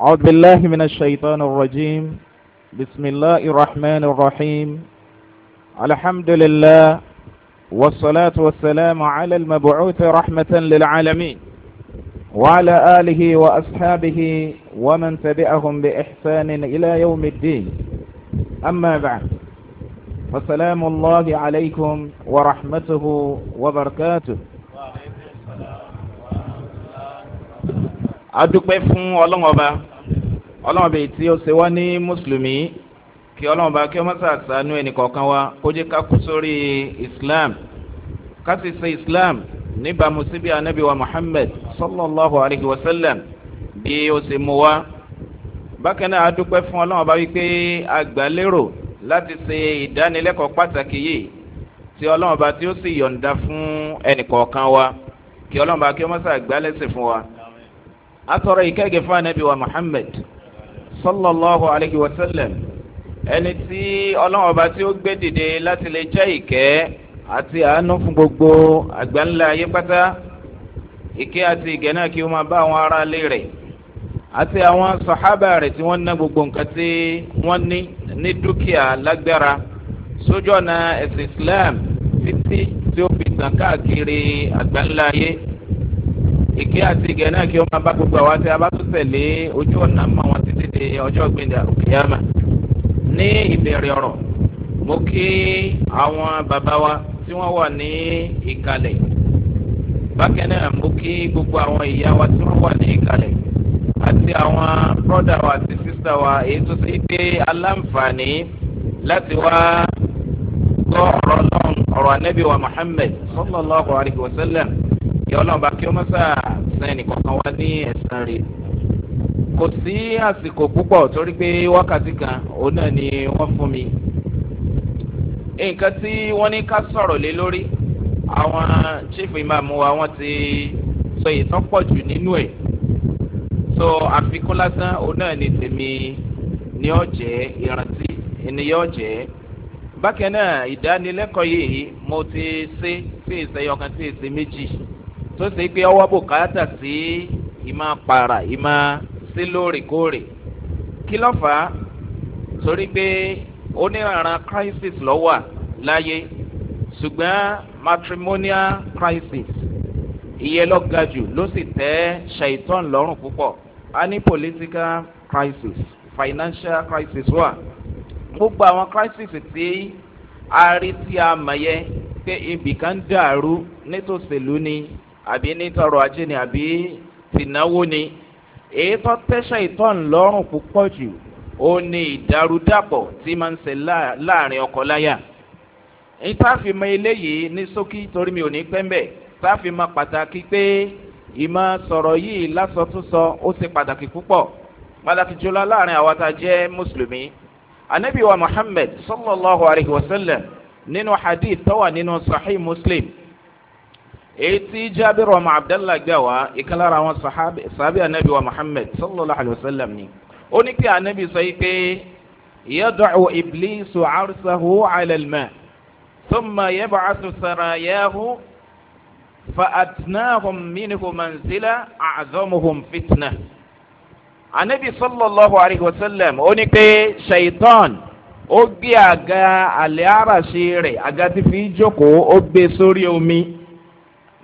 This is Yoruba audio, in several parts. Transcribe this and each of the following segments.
أعوذ بالله من الشيطان الرجيم بسم الله الرحمن الرحيم الحمد لله والصلاة والسلام على المبعوث رحمة للعالمين وعلى آله وأصحابه ومن تبعهم بإحسان إلى يوم الدين أما بعد فسلام الله عليكم ورحمته وبركاته adúpẹ́ fún ọlọ́run ọba ọlọ́run bèè tí ó ṣe wá ní mùsùlùmí kí ọlọ́run bá kí ọmọ sàṣánú ẹnìkọ̀ọ̀kan wa kó jẹ́ ká kú sórí islam ká sì ṣe islam níbàámu síbi anabi wa muhammed sallallahu alayhi wa sallam bí ó ṣe mú wa bákan náà a dúpẹ́ fún ọlọ́run bá wípé àgbálérò láti ṣe ìdánilẹ́kọ̀ọ́ pàtàkì yìí tí ọlọ́run bá tí ó sì yọ̀ǹda fún ẹnìkọ̀ọ̀kan wa kí ọlọ́run bá kí ọmọ sàgbálẹ́sẹ̀ fún wa. a ìkẹ́gẹ́ fún anabi wa muhammed sallallahu alayhi wa sallam ẹni tí ọlọ́run ọba tí ó gbé dìde láti lè jẹ́ ìkẹ́ àti àánú fún gbogbo àgbáńlá ayé pátá ìkẹ́ àti ìgẹ̀ náà kí ó máa bá àwọn ará ilé rẹ̀ àti àwọn sọ̀hábà rẹ̀ tí wọ́n ná gbogbo nǹkan tí wọ́n ní ní dúkìá lágbára sójú ọ̀nà ẹ̀sìn islam títí tí ó fi tàn káàkiri àgbáńlá ayé ìké àti ìgẹ̀ náà kí ó máa bá gbogbo àwa tí a bá tún tẹ̀lé ojú ọ̀nà mọ́ wọn títí di ọjọ́ gbẹ̀dẹ̀ àlùkìyàmà ní ìbẹ̀rẹ̀ ọ̀rọ̀ mo kí àwọn bàbá wa tí wọ́n wà ní ìkàlẹ̀ bákẹ́ náà mo kí gbogbo àwọn ìyá wa tí wọ́n wà ní ìkàlẹ̀ àti àwọn bọ́dà wa àti sísá wa èyí tó ṣe pé aláǹfààní láti wá gbọ́ ọ̀rọ̀ náà ọ̀rọ̀ anábìwa muhammed sallallahu alayhi wa ìyọlọ́ba kí ó mọ́sà sẹ́ni kankan wá ní ẹ̀sán rẹ̀ kò sí àsìkò púpọ̀ torí pé wákàtí kan òun náà ni wọ́n fún mi nǹkan tí wọ́n ní ká sọ̀rọ̀ lé lórí àwọn chief imam wa wọ́n ti sọ èyí tán pọ̀ jù nínú ẹ̀ so àfikún lásán òun náà ni tèmi ni ó jẹ́ ìrántí ènìyàn ó jẹ́ bákan náà ìdánilẹ́kọ̀ọ́ yìí mo ti ṣe tí ìṣẹ́yọkan tí ìṣe méjì tó ṣe pé ọwọ́ bùkátà sí ìmọ̀ para ìmọ̀ sí lóòrèkóòrè kí ló fà á torí pé onírànà crisis ló wà láyé ṣùgbọ́n matrimonial crisis ìyẹn lọ ga jù ló sì tẹ́ ṣàìtàn lọ́rùn púpọ̀ a ní political crisis financial crisis wà gbogbo àwọn crisis tí a rí tí a mọ̀ yẹ pé ibì kan dàrú nítòsílú ni àbí nítorọ ajé ni àbí tìnáwó ni èyí tó tẹ́sán ìtọ́n lọ́rùn púpọ̀ jù ó ní ìdàrúdàpọ̀ tí máa ń ṣe láàrin ọkọ láyà ìtàfimọ eléyìí ní sókí torí mi ò ní pẹ́ńbẹ́ ìtàfimọ pàtàkì pé ìmọ̀ sọ̀rọ̀ yìí lásọtúnsọ ó ṣe pàtàkì púpọ̀ pàtàkì jùlọ láàrin àwa tá a jẹ́ mùsùlùmí anabiwa muhammed sallallahu alayhi wa sallam nínú hadith tó wà nínú sahih muslim èyí jábìrì ọmọ abdallah gbà wá ìkàlára àwọn sàbí anabi wa muhammed sallallahu alayhi wa sallam ni ó ní kí anabi sọ yìí pé yadọ̀ọ̀ iblisu arsahu alalma thumma yabacasu sarayahu fa'adnahum minhu manzila acdamuhum fitna. anabi sallallahu alayhi wa sallam ó ní pé shaitan ó gbé àga àlẹ́ àràṣe rẹ̀ àga tí fi jókòó ó gbé sórí omi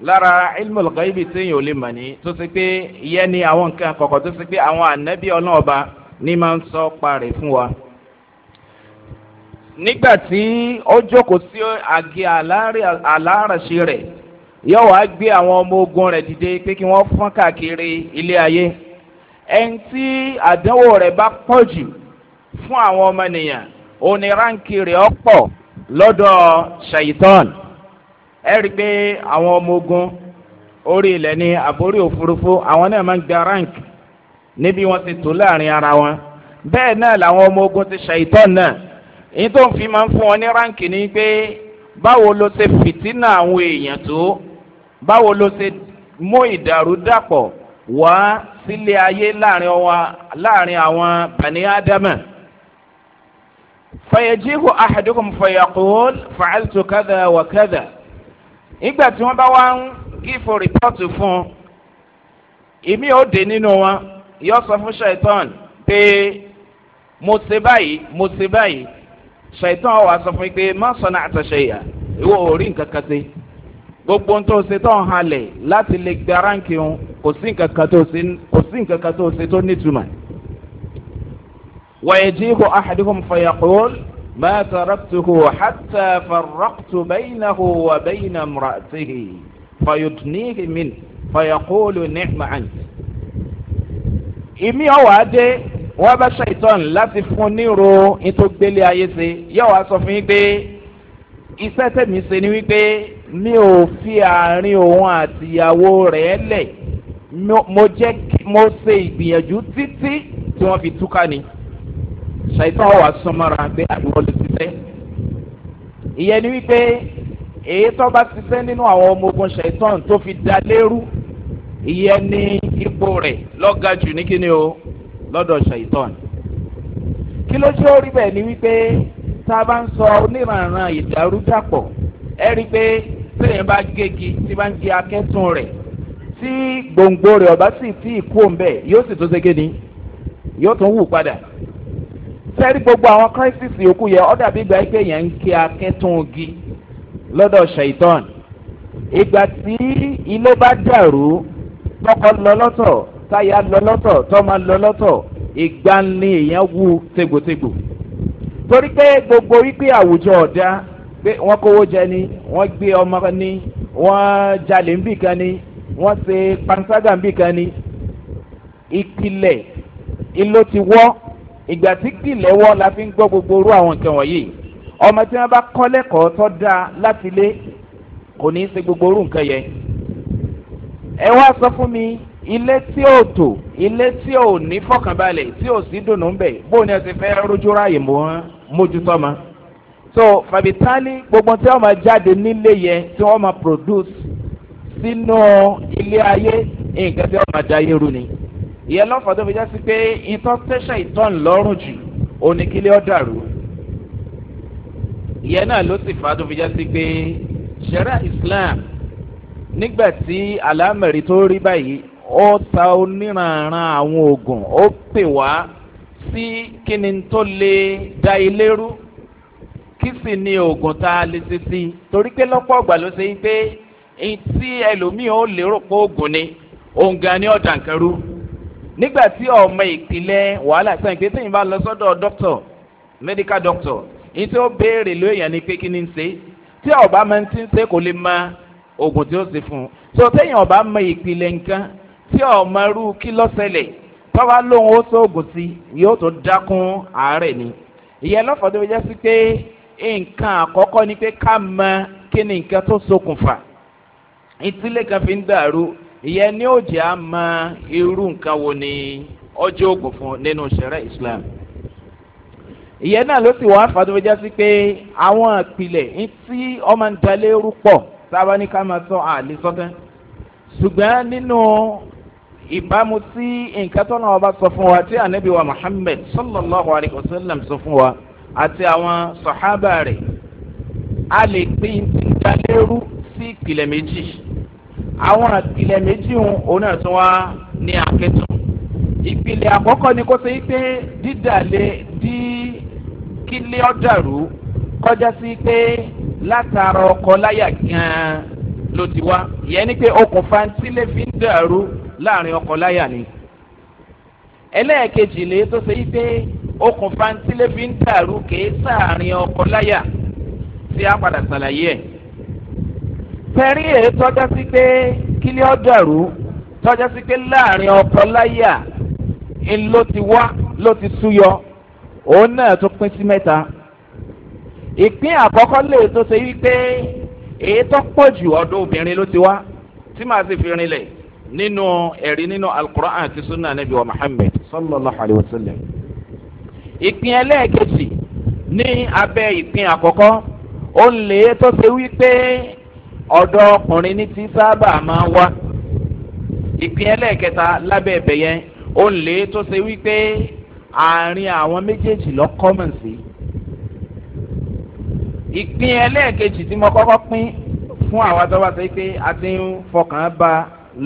lára ilmu lọ́gàíbi tí yìí ò lè mọ̀ ní tó ṣe pé ìyẹn ni àwọn nǹkan kọ̀ọ̀kan tó ṣe pé àwọn ànábì ọlọ́ọ̀ba ni máa ń sọ parẹ́ fún wa. nígbà tí ó jókòó sí àgé aláràṣe rẹ̀ yóò wá gbé àwọn ọmọ ogun rẹ̀ dìde pé kí wọ́n fọ́n káàkiri ilé ayé ẹni tí àdánwò rẹ̀ bá pọ̀ jù fún àwọn ọmọ nìyàn òní ránkì rẹ̀ ọ̀pọ̀ lọ́dọ̀ ṣàyítọ́nù ẹ rí i pé àwọn ọmọ ogun orí ilẹ̀ ní àbórí òfurufú àwọn náà máa ń gba rank níbi wọ́n ti tó láàrin ara wọn bẹ́ẹ̀ náà làwọn ọmọ ogun ti ṣàìtàn náà èyí tó ń fi máa ń fún wọn ní rank ni pé báwo ló ṣe fìtínà àwọn èèyàn tó báwo ló ṣe mú ìdàrúdàpọ̀ wá sílé ayé láàrin wọn láàrin àwọn bani ádámà fàyẹ̀jíhù àhàdùkùn fàyàkùn fàáltù kádà wà kádà nígbà tí wọ́n bá wá ń gífò rìpọ́ọ̀tù fún un èmi ò dé nínú wọn yóò sọ fún ṣètọ́n pé mo ṣe báyìí mo ṣe báyìí ṣètọ́n wà sọ fún mi pé má sọnà àtàṣe yà ìwọ ò nǹkan kan ṣe gbogbo ohun tó ṣe tó ń halẹ̀ láti lè gba ránkì ń kò sí nǹkan kan tó ṣe kò sí nǹkan kan tó ṣe tó nítumọ̀ wàyẹ̀dì kò àhàdìkò fàyàkùn. ما تركته حتى فرقت بينه وبين امرأته فيدنيه منه فيقول نعم عنك èmi ọwọ́ adé wọ́n bá ṣàìtàn láti fún níro ìtògbélé ayé ṣe yóò wá sọ fún yín pé iṣẹ́ tẹ̀mí ṣe ni wípé mi ò fi àárín òun àtìyàwó rẹ̀ lẹ̀ mo jẹ́ mo ṣe ìgbìyànjú títí tí wọ́n fi túká ni ṣàìtàn wà sọmọra pé àdúgbò lè ṣiṣẹ́ ìyẹn ni wípé èyí tó bá ṣiṣẹ́ nínú àwọn ọmọ ogun ṣàìtàn tó fi da lérú ìyẹn ni ipò rẹ̀ lọ́ga jù ní kíni o lọ́dọ̀ ṣàìtàn kí ló ṣe ó rí bẹ́ẹ̀ ni wípé tá a bá ń sọ oníranran ìdàrúdàpọ̀ ẹ rí i pé tíyẹn bá gégi tí bá ń gé akẹ́tùn rẹ̀ tí gbòǹgbò rẹ̀ ọ̀bá sì tí ì kú òun bẹ́ẹ̀ yóò sì tó ṣe kéde yóò tún wù padà sẹ́rí gbogbo àwọn crisis yòókù yẹ ọ̀dà bí ìgbà ẹgbẹ́ yẹn ń kí akẹ́tùn ogi lọ́dọ̀ ṣèitán ìgbà tí ilé bá dàrú tọkọ lọ lọ́tọ̀ táyà lọ lọ́tọ̀ tọ́mọ lọ lọ́tọ̀ ìgbà ni èèyàn wú tegbòtegbò torí pé gbogbo wípé àwùjọ ọ̀dà pé wọ́n kówó jẹ ni wọ́n gbé ọmọ ni wọ́n jalè ń bì kan ni wọ́n ṣe panṣágà ń bì kan ni ìpìlẹ̀ ìlò ti wọ́ ìgbà tí kìlẹ̀wọ́ la fi ń gbọ́ gbogbo orú àwọn nǹkan wọ̀nyí ọmọ tí wọ́n bá kọ́ lẹ́kọ̀ọ́ tọ́ da láti lé kò ní í ṣe gbogbo orú nǹkan yẹn. ẹ wá sọ fún mi ilé tí ò tò ilé tí ò ní fọkànbalẹ̀ tí ò sí dùnú bẹ̀ bó ni ẹ ti fẹ́ rojú ráàyè mójútó ma. so fàbítálí gbogbo tí wọ́n máa jáde nílé yẹn tí wọ́n máa produce sínú ilé ayé nǹkan tí wọ́n máa da yé ru ni ìyẹn lọ́fọ̀ tó fi já sí pé ìtọ́ tẹ́sán ìtọ́n lọ́rùn jù oníkílé ọ̀dàrú ìyẹn náà ló sì fà tó fi já sí pé sẹ́rà islam nígbà tí alámẹ̀rí tó rí báyìí ó ta oníranran àwọn oògùn ó pè wá sí kíni tó lè da ilé kí sì ni oògùn tá a lè ṣe sí torí pé lọ́pọ̀ ọ̀gbà ló ṣe é pé tí ẹlòmíì ó lérò pé oògùn ni òun ni ọ̀dà nígbà tí ọmọ ìpìlẹ̀ wàhálà sẹ́yìn pé tẹ̀yìn bá lọ sọ́dọ̀ dọ́kítọ̀ medical doctor yìí tí ó béèrè ló èèyàn ni pé kí ni ń ṣe tí ọba máa ń ti ń ṣe kò lè mọ oògùn tí ó ṣe fún un tó tẹ̀yìn ọba mọ ìpìlẹ̀ nǹkan tí ọmọ irú kí lọ́sẹ̀lẹ̀ tọ́ba lóhun ó sóògùn sí yóò tó dákún àárẹ̀ ni ìyẹn lọ́fọ̀ọ́ tó fi jẹ́ sí pé nǹkan àkọ́kọ́ ni pé ká mọ kí ni nǹkan tó ṣokùnfà ìtílé kan fi ń dàrú ìyẹn ní òjì á mọ irú nǹkan wo ni ọjọ́ ògùn fún nínú sẹ̀rẹ̀ islam ìyẹn náà ló sì wá fàdúrójá sí pé àwọn ìpìlẹ̀ tí ọmọ ń dalé rú pọ̀ sábà ní ká máa sọ àlè sọ́tẹ́ ṣùgbọ́n nínú ìbámu sí nǹkan tó náà bá sọ fún wa tí anabi wa muhammed sallallahu alayhi wa sallam sọ fún wa àti àwọn sọ̀hábà rẹ̀ a lè pín ìdálérú sí ìpìlẹ̀ méjì àwọn ìpìlẹ̀ méjì òun náà tún wá ní akẹ́tùn ìpìlẹ̀ àkọ́kọ́ ni kó ṣe pé dídàlẹ̀ dí kílé ọ̀dàrú kọjá sí pé látara ọkọ láyà gan-an ló ti wá ìyẹn ni pé okùnfà tílé fi ń dàrú láàrin ọkọ láyà ni ẹlẹ́ẹ̀kejì lè tó ṣe pé okùnfà tílé fi ń dàrú kèé sáàrin ọkọ láyà tí a padà ṣàlàyé ẹ̀ tẹ́rí èyí tọ́já sí pé kílẹ̀ ọ̀dàrú tọ́já sí pé láàrin ọkọ láyà ló ti wá ló ti súyọ òun náà tó pín sí mẹ́ta ìpín àkọ́kọ́ lè tó ṣe wípé èyí tó pọ̀ jù ọ̀dọ̀ obìnrin ló ti wá tí màá sì fi rinlẹ̀ nínú ẹ̀rí nínú alukur'an àti sunna nabi wa muhammed sallallahu alayhi wa sallam ìpín ẹlẹ́ẹ̀kejì ní abẹ́ ìpín àkọ́kọ́ ó lè tó ṣe wípé ọ̀dọ́ ọkùnrin ní ti sábà máa wá ìpín ẹlẹ́ẹ̀kẹta lábẹ́ ẹ̀bẹ̀ yẹn ó lè tó ṣe wípé àárín àwọn méjèèjì lọ kọ́mọ̀ sí ìpín ẹlẹ́ẹ̀kejì tí mo kọ́kọ́ pín fún àwa tọ́ba ṣe pé a ti ń fọkàn ba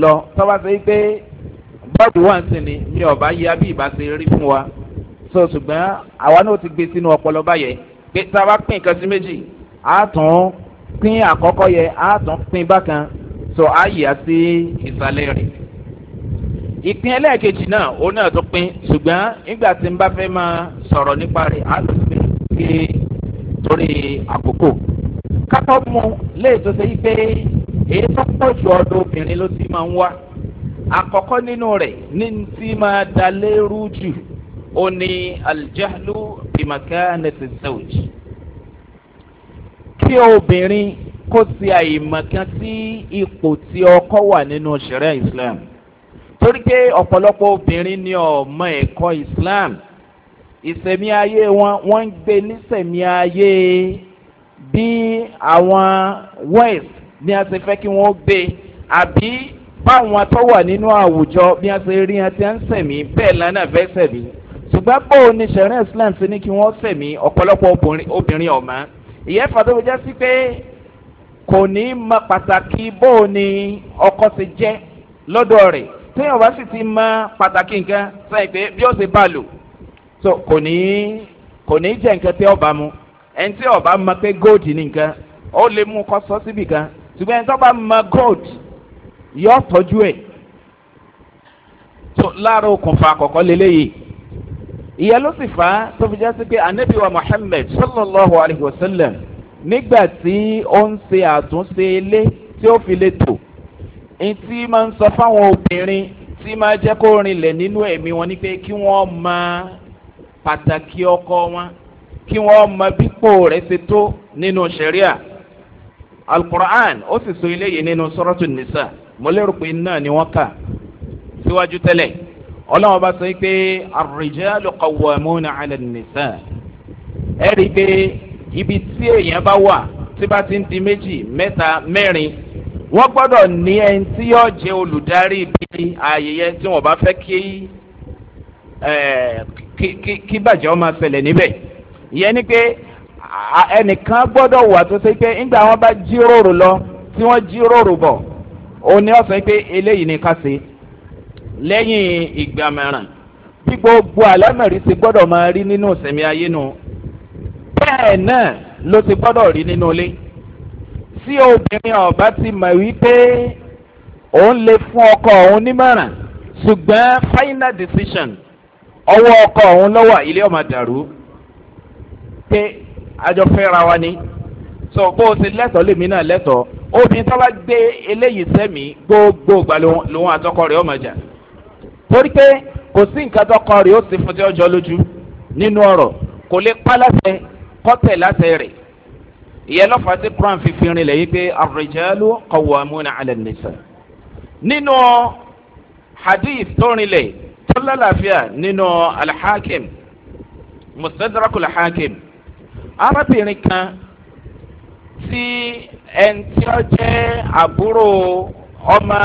lọ tọ́ba ṣe pé bọ́ọ̀dù wà ń sìn ni mi ò bá yá bí ìbá ṣe rí fún wa so ṣùgbọ́n àwa náà ti gbé sínú ọpọlọ báyẹn pé tá a bá pín nǹkan sí méjì á tún pín àkọ́kọ́ yẹ á tún pín bákan sọ ààyè àti ìsàlẹ̀ rẹ̀ ìpín ẹlẹ́ẹ̀kejì náà òun náà tún pín ṣùgbọ́n nígbà tí n bá fẹ́ máa sọ̀rọ̀ nípa rẹ̀ a tún pín kí torí àkókò kátó mu léètò ṣe pé èyí tó pọ̀ ju ọdọ obìnrin ló ti máa ń wá àkọ́kọ́ nínú rẹ̀ ní ti máa dalérú jù ó ní aljahlu bimaka nẹsẹsẹwìjì kí obìnrin kó ti àyèmọ̀kan sí ipò tí ọkọ wà nínú ṣẹ̀rẹ̀ islam torí pé ọ̀pọ̀lọpọ̀ obìnrin ni ọmọ ẹ̀kọ́ islam ìsẹ̀mí ayé wọn wọ́n ń gbé nísẹ̀mí ayé bí àwọn west ni a ti fẹ́ kí wọ́n gbé àbí báwọn tó wà nínú àwùjọ bí a ti rí wọn ti ń sẹ̀mí bẹ́ẹ̀ lánàá fẹ́ sẹ̀mí ṣùgbọ́n bó o ní ṣẹ̀rẹ̀ islam ti ní kí wọ́n sẹ̀mí ọ̀pọ̀lọpọ̀ obìnrin ọ̀mọ́. ìyẹn fàdó fi sí pé kò ní pàtàkì bóò ni ọkọ ti jẹ lọ́dọ̀ rẹ̀ téèyàn sì ti ma pàtàkì nǹkan sẹ́yìn pé bí ó ti bá lò kò ní jẹ́ nǹkan ọba mu ẹni tí ọba pé gold ìyá ló sì fà á tó fi já sí pé anabi wa muhammed sallallahu alayhi wa sallam nígbà tí ó ń ṣe àtúnṣe ilé tí ó fi lè tò etí máa ń sọ fáwọn obìnrin tí máa jẹ́ kó rinlẹ̀ nínú ẹ̀mí wọn ni pé kí wọ́n mọ pàtàkì ọkọ wọn kí wọ́n mọ bípò rẹ̀ ṣe tó nínú sẹ̀ríà alukur'an ó sì so ilé yìí nínú sọ́rọ́tù nìsa mo lérò pé náà ni wọ́n kà síwájú tẹ́lẹ̀ ọlọ́run bá sọ pé àrùjẹ́ lọ́kọ̀wọ́ mọ́nà alẹ́ nìsẹ́ ẹ rí i pé ibi tí èèyàn bá wà tí bá ti ń di méjì mẹ́ta mẹ́rin wọ́n gbọ́dọ̀ ní ẹni tí yóò jẹ́ olùdarí ibi ayẹyẹ tí wọ́n bá fẹ́ kí kí bàjẹ́ ọmọ ṣẹlẹ̀ níbẹ̀ ìyẹn ni pé ẹnìkan gbọ́dọ̀ wà tó ṣe pé ńgbà wọn bá jíròrò lọ tí wọ́n jíròrò bọ̀ òun ni wọ́n sọ pé eléyìí ni ká ṣe lẹ́yìn ìgbà mẹ́ràn bí gbogbo àlámẹ̀rí ti gbọ́dọ̀ máa rí nínú ìsinmi ayé nu bẹ́ẹ̀ náà ló ti gbọ́dọ̀ rí nínú ilé tí obìnrin ọ̀bá ti mọ̀ wípé òun lè fún ọkọ òun nímọ̀ràn ṣùgbọ́n final decision ọwọ́ ọkọ òun lọ́wọ́ ilé ọmọ dàrú pé àjọ fẹ́ra wa ni so bó o ti lẹ́tọ̀ọ́ lèmi náà lẹ́tọ̀ọ́ obìnrin tó bá gbé eléyìí sẹ́mi gbogbo ìgbà lòun àtọkọ rẹ̀ ọmọ jà torí pé kò sí nǹkan tọkọ rẹ̀ ó sì fún tí ó jọ lójú nínú ọ̀rọ̀ kò lè pa láṣẹ kọ́tẹ̀ láṣẹ rẹ̀ ìyẹn lọ́fà sí quran fífi rinlẹ̀ yìí pé àrùjálù kọ̀wọ́ amúnà alẹ́ nìṣẹ́ nínú hadith tó rinlẹ̀ tó lálàáfíà nínú alhakim mustadrakul hakim arábìnrin kan tí ẹni tí àbúrò ọmọ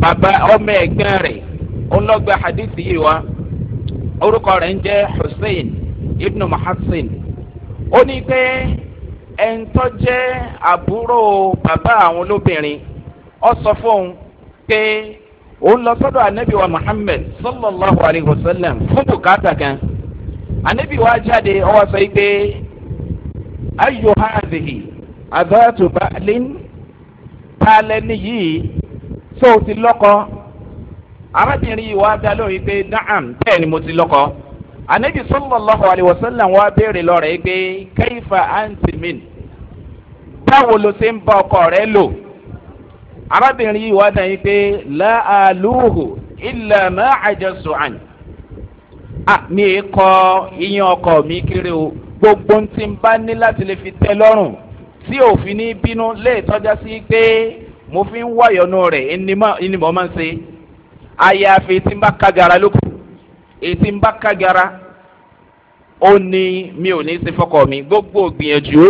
bàbá rẹ̀ ọlọgbà hadith yìí wa orúkọ rẹ̀ ń jẹ́ hussein ibn muhassin ó ní pé ẹ̀ńtọ́ jẹ́ àbúrò bàbá àwọn olóbìnrin ọ sọ fóun pé òun lọ sọ́dọ̀ anabi wa muhammed sallallahu alayhi wa sallam fún bùkátà kan anabi wa jáde ọwọ́ sọ pé ayo hazihi adatu baalin taalẹni yìí tó o ti lọ́kọ́ arábìnrin yìí wá dá lórí pé dáhàm bẹ́ẹ̀ ni mo ti lọ́kọ́ anabi sallallahu alayhi wa sallam wa béèrè lọ́rẹ̀ pé kẹ́hìfà antimin báwo ló ṣe ń bá ọkọ rẹ lò arábìnrin yìí wá dá yín pé láàlúhù ilẹ̀ máa àjẹsọ àn à mi è kọ iyan ọkọ mi kiri o gbogbo ń ti bá ní láti lè fi tẹ lọ́rùn tí òfin ní bínú lè tọ́já sí pé mo fi ń wáyọ̀nù rẹ̀ ẹni mọ̀ máa ń ṣe àyàfi tí n bá kagara lóko ètí n bá kagara ó ní mi ò ní í se fọkọ mi gbogbo gbìyànjú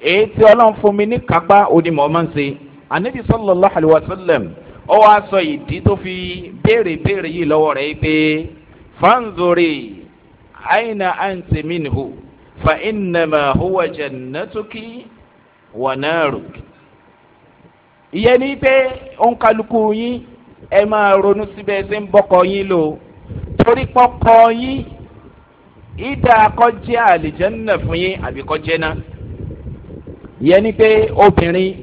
èyí tí ọlọ́run fún mi ní kápá onímọ̀ máa ń se anabi sọlọ́lá àlùwà sọlẹ̀m ó wáá sọ ìdí tó fi béèrè béèrè yìí lọ́wọ́ rẹ̀ pé fanzori aina anti minhu fa inama huwa jannatuki wa naaruki ìyẹn ni pé òǹkàlùkù yín ẹ máa ronú síbẹ̀ ṣe ń bọ́kọ yín lò torí pọ́kọ yín ìdá akọ́jẹ́ àlìjẹ́nà fún yín àbíkọ́jẹ́ náà yẹn ni pé obìnrin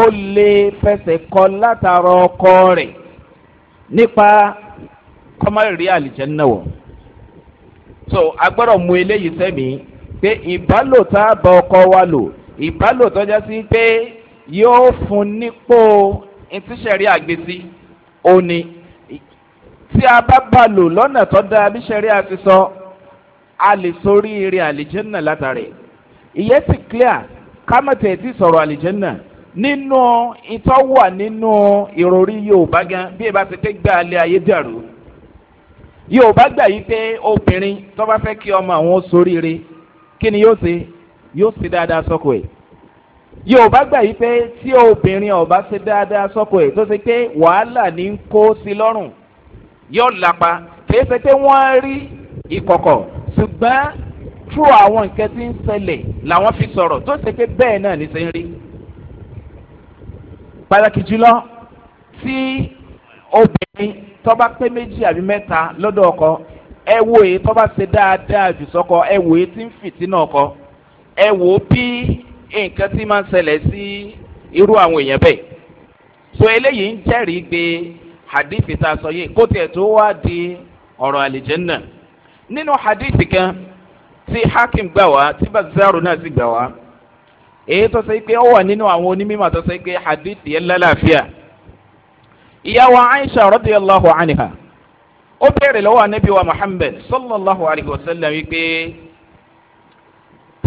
ó lè fẹsẹ̀ kọ látara ọkọ rẹ̀ nípa kọ́mọ́rì àlìjẹ́nà wọ̀ so agbọ́dọ̀ mú eléyìí sẹ́mi pé ìbálòtá bá ọkọ wa lò ìbálòtọ́jà sí pé yóò fún nípò ìtísẹ̀rí àgbèsí. Si ó ní tí a bá bá lò lọ́nà tó dáa bí sẹ́rí àti sọ a lè sórí eré àlìjẹ́nà látàrí ìyẹn sì clear kámẹ́tẹ̀ ti sọ̀rọ̀ àlìjẹ́nà nínú ìtọ́wà nínú ìròrí yorùbá gan bí ẹ bá ti pé gbà lé ayé dàrú yorùbá gbà yí pé obìnrin tó bá fẹ́ kí ọmọ àwọn sóríire kí ni yóò ṣe yóò ṣe dáadáa sọ́kọ̀ ẹ̀ yorùbá gbà yí pé tí obìnrin ọba ṣe dáadáa sọ́kọ ẹ̀ tó ṣe pé wàhálà ní ń kó sí lọ́rùn yóò lápa kìí ṣe pé wọ́n rí ìkọ̀kọ̀ ṣùgbọ́n tú àwọn nǹkan tí ń ṣẹlẹ̀ làwọn fi sọ̀rọ̀ tó ṣe pé bẹ́ẹ̀ náà ní ṣe ń rí. pàtàkì jùlọ tí obìnrin tọ́ba pé méjì àbí mẹ́ta lọ́dọ̀ ọkọ ẹ wo èyí tọ́ba ṣe dáadáa jù sọ́kọ ẹ wo èyí tí ń fìtínà ọkọ ẹ wo bí nǹkan tí máa ń ṣẹlẹ̀ sí irú àwọn èèyàn bẹ́ẹ̀ so eléyìí ń jẹ́rìí gbé hadith tá a sọ yìí kó tiẹ̀ tó wá di ọ̀rọ̀ àlìjẹ́nà nínú hadith kan tí hakim gbà wá tí bazaru náà sì gbà wá èyí tó sọ pé ó wà nínú àwọn onímọ̀ tó sọ pé hadith yẹn lálàáfíà ìyàwó aisha rọ́bì allahu anha ó bẹ̀rẹ̀ lọ́wọ́ anabi wa muhammed sallallahu alayhi wa sallam wípé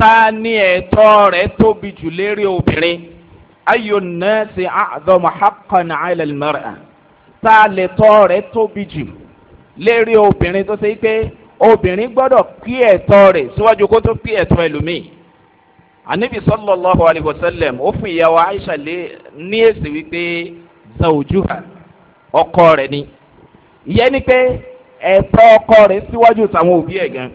ta ni ẹ̀tọ́ rẹ̀ tóbi jù lérí obìnrin ayo nẹ́ẹ̀sì àdọ́mọ hakan àìlẹ́lmẹ́rẹ́ ta lẹ́tọ́ rẹ̀ tóbi jù lérí obìnrin tó ṣe pé obìnrin gbọ́dọ̀ kí ẹ̀tọ́ rẹ̀ síwájú kó tó kí ẹ̀tọ́ ẹlòmíì anabi sallallahu alayhi wa sallam ó fún ìyàwó aisha lé ní èsì wípé zawjuha ọkọ rẹ̀ ni ìyẹn ni pé ẹ̀tọ́ ọkọ rẹ̀ síwájú tàwọn òbí ẹ̀ gan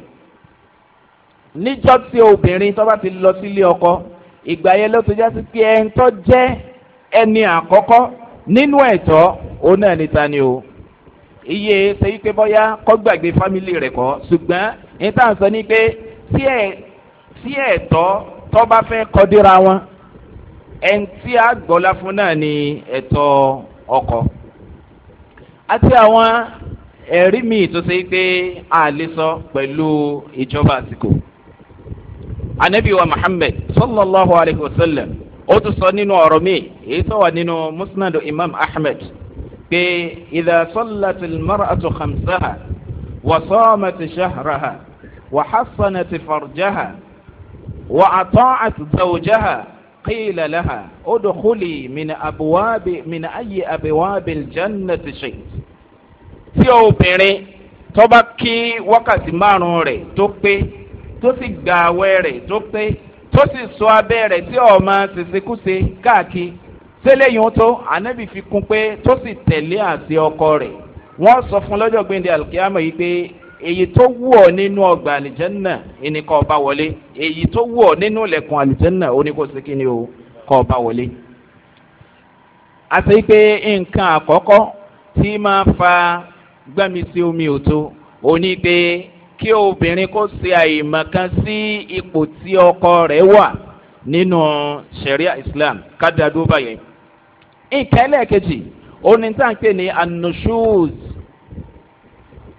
níjọ́ tí obìnrin tó bá ti lọ sílé ọkọ ìgbà yẹn ló ti já sí pé ẹni tó jẹ́ ẹni àkọ́kọ́ nínú ẹ̀tọ́ òun náà níta ni o iye sẹ́yìn pé bọ́yá kọ́ gbàgbé fámìlì rẹ̀ kọ́ ṣùgbọ́n ní sọ ni pé tí ẹ̀tọ́ tó bá fẹ́ kọdíra wọn ẹni tí a gbọ́lá fún náà ni ẹ̀tọ́ ọkọ àti àwọn ẹ̀rí míì tó ṣe pé a lè sọ pẹ̀lú ìjọba àsìkò anabi wa muhammed sallallahu alayhi wa sallam ó tún sọ nínú ọ̀rọ̀ mi èyí tó wà nínú musnad imam ahmed pé ìdá sọ́làtì mọ́ràtù khamsaha wà sọ́ọ̀mẹ̀tì shahraha wà hasanati farjaha wà àtọ́càtì zawjaha qila laha udkhuli min abwabi min ayi abwabi aljannati shay tí obìnrin tó bá kí wákàtí márùn rẹ̀ tó pé tó sì gbà àwẹ̀ rẹ̀ tó pé tó sì sọ abẹ́ rẹ̀ tí ọmọ ṣèṣekúṣe káàkiri sẹ́lẹ̀yìn tó ànábì fi kún pé tó sì tẹ̀lé àti ọkọ rẹ̀ wọ́n sọ fún lọ́jọ́ gbẹ̀ndẹ̀ alùkíyàmọ̀ yìí pé èyí tó wù ọ́ nínú ọgbà àlìjẹ́nà ẹni kọ́ ọba wọlé èyí tó wù ọ́ nínú ilẹ̀kùn àlìjẹ́nà ó ní kó ṣe kíni o kọ́ ọba wọlé. àti pé nǹkan àkọ́kọ́ tí máa fa gbẹ́mi sí omi òtó ó pé kí obìnrin kó ṣe àìmọ̀kan sí ipò tí ọkọ rẹ wà nínú sharia islam kádàdó báyẹn. nǹkan ẹlẹ́ẹ̀kejì oní tá à ń pè ní anushuz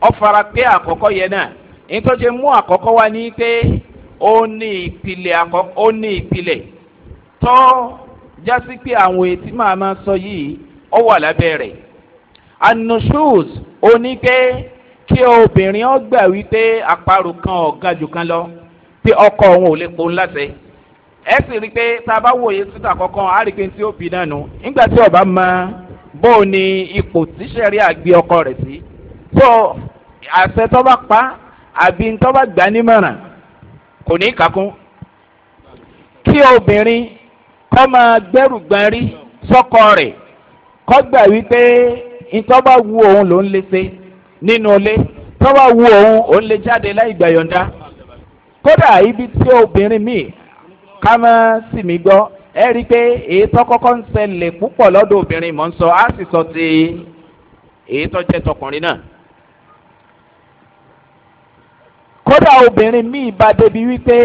ọ̀fara pé àkọ́kọ́ yẹn náà nǹkan mú àkọ́kọ́ wá ní pé ó ní ìpìlẹ̀ àkọ́kọ́ ó ní ìpìlẹ̀ tọ́ jásí pé àwọn ètí màá máa sọ yìí ó wà lábẹ́ rẹ̀ anushuz oní pé. kí obìnrin ọ gbà wípé àparò kan ọ̀gá jù kan lọ tí ọkọ òun ò lè pon láṣẹ ẹ sì rí i pé tá a bá wòye síta kankan á rí i pé tí ó bí náà nù nígbà tí ọba mọ bó o ní ipò tíṣẹ̀rí àgbé ọkọ rẹ̀ sí tó àṣẹ tó bá pa àbí tó bá gbà nímọ̀ràn kò ní kàkún kí obìnrin kọ́ máa gbẹ́rù gbọ́n rí sọ́kọ rẹ̀ kọ́ gbà wípé ìtọ́ bá wu òun ló ń lé ṣe nínú ilé tọ́wọ́ wu òun òun lè jáde láì gbàyọ̀ǹda kódà ibi tí obìnrin míì ká má sì mí gbọ́ ẹ rí i pé èyí tó kọ́kọ́ ń ṣẹlẹ̀ púpọ̀ lọ́dọ̀ obìnrin mọ̀ ń sọ á sì sọ ti èyí tó jẹ́ tọkùnrin náà. kódà obìnrin míì bá débi wípé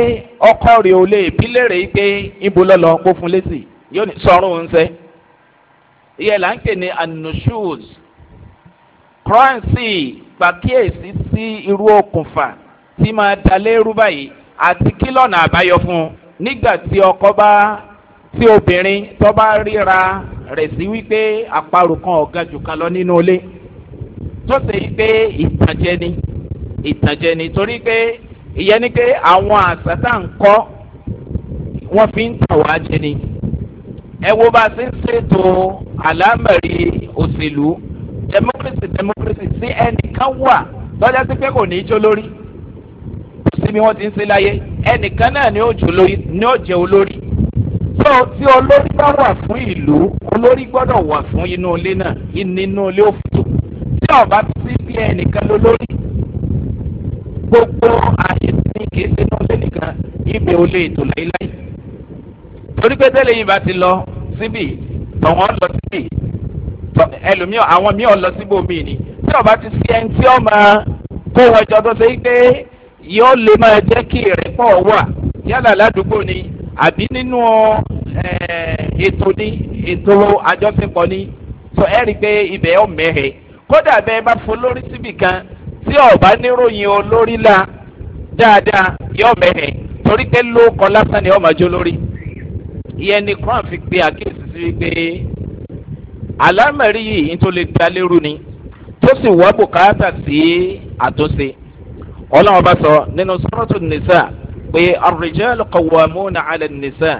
ọkọ rẹ̀ ò lè bílẹ̀ rẹ̀ pé ibo lọ́lọ́ kó fún lẹ́sì yóò ní ń sẹ́ ìyẹn là ń pè anushus kúrọ́ǹsì pàkíyèsí sí irú okùnfà tí máa dalérú báyìí àti kílọ̀nà àbáyọ fún un nígbà tí ọkọ bá tí obìnrin tó bá ríra rẹ̀ sí wípé àparò kan ọ̀gá jù kan lọ nínú ilé tó ṣe pé ìtànjẹ ni ìtànjẹ ni torí pé ìyẹn ni pé àwọn àṣà tá à ń kọ́ wọ́n fi ń tà wá jẹ ni ẹ wo bá a ti ń ṣètò àlámẹ̀rí òṣèlú democracy democracy sí ẹnìkan wà lọ́jà sí pé kò ní í jó lórí kò wọ́n ti ń ṣe láyé ẹnìkan náà ni ó jù lórí ni ó jẹ́ olórí tó tí olórí bá wà fún ìlú olórí gbọ́dọ̀ wà fún inú ilé náà inú ilé òfin tí ọba sí bí ẹnìkan lólórí gbogbo àṣetì kìí ṣe inú ilé nìkan ibẹ̀ ò lè tò láíláí torí pé tẹ́lẹ̀ yìí bá ti lọ síbì ọ̀wọ́n lọ síbì ẹlòmíì àwọn míì ọlọ síbò míì ni tí ọba ti sí ẹni tí ọmọ kó wọn jọ tó ṣe pé yóò lè máa jẹ́ kí ìrẹ́pọ̀ wà yálà ládùúgbò ni àbí nínú eh, ètò ní ètò àjọṣepọ̀ ni sọ ẹ rí i pé ibẹ̀ ọ̀ mẹ́rẹ̀ kódà bẹ́ẹ̀ bá fún lórí síbì kan tí ọba níròyìn olórí la dáadáa yóò mẹ́rẹ̀ torí pé lóòkọ lásán ni ọmọ àjọ lórí ìyẹn ni kwan fi pe àkíyèsí sí wípé àlámẹ̀rí yìí tó lè da lérú ni tó sì wá bùkátà sí àtúnṣe ọlọ́run bá sọ nínú sọ́rọ́tù nìsa pé àrùjẹ́ lọ́kọ̀wàmúnà alẹ́ nìsa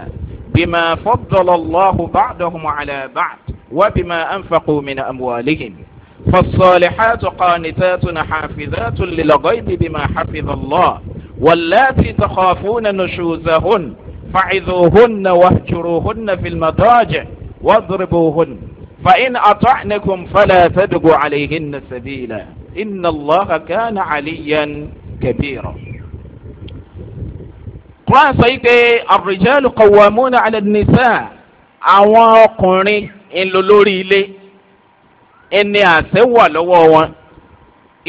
bímọ fọ́dọ̀lọ́lọ́hùn bàdọ̀hùn alẹ́ bàd wàbímọ ànfàkùnmínà àmúwàlẹ́hìn. فالصالحات قانتات حافظات للغيب بما حفظ الله واللاتي تخافون نشوزهن فعذوهن واهجروهن في المضاجع واضربوهن فإن أطعنكم فلا تدعوا عليهن سبيلا إن الله كان عليا كبيرا قرآن صحيح الرجال قوامون على النساء àwọn ọkùnrin ń lo lórí ilé ẹni àṣẹ wà lọ́wọ́ wọn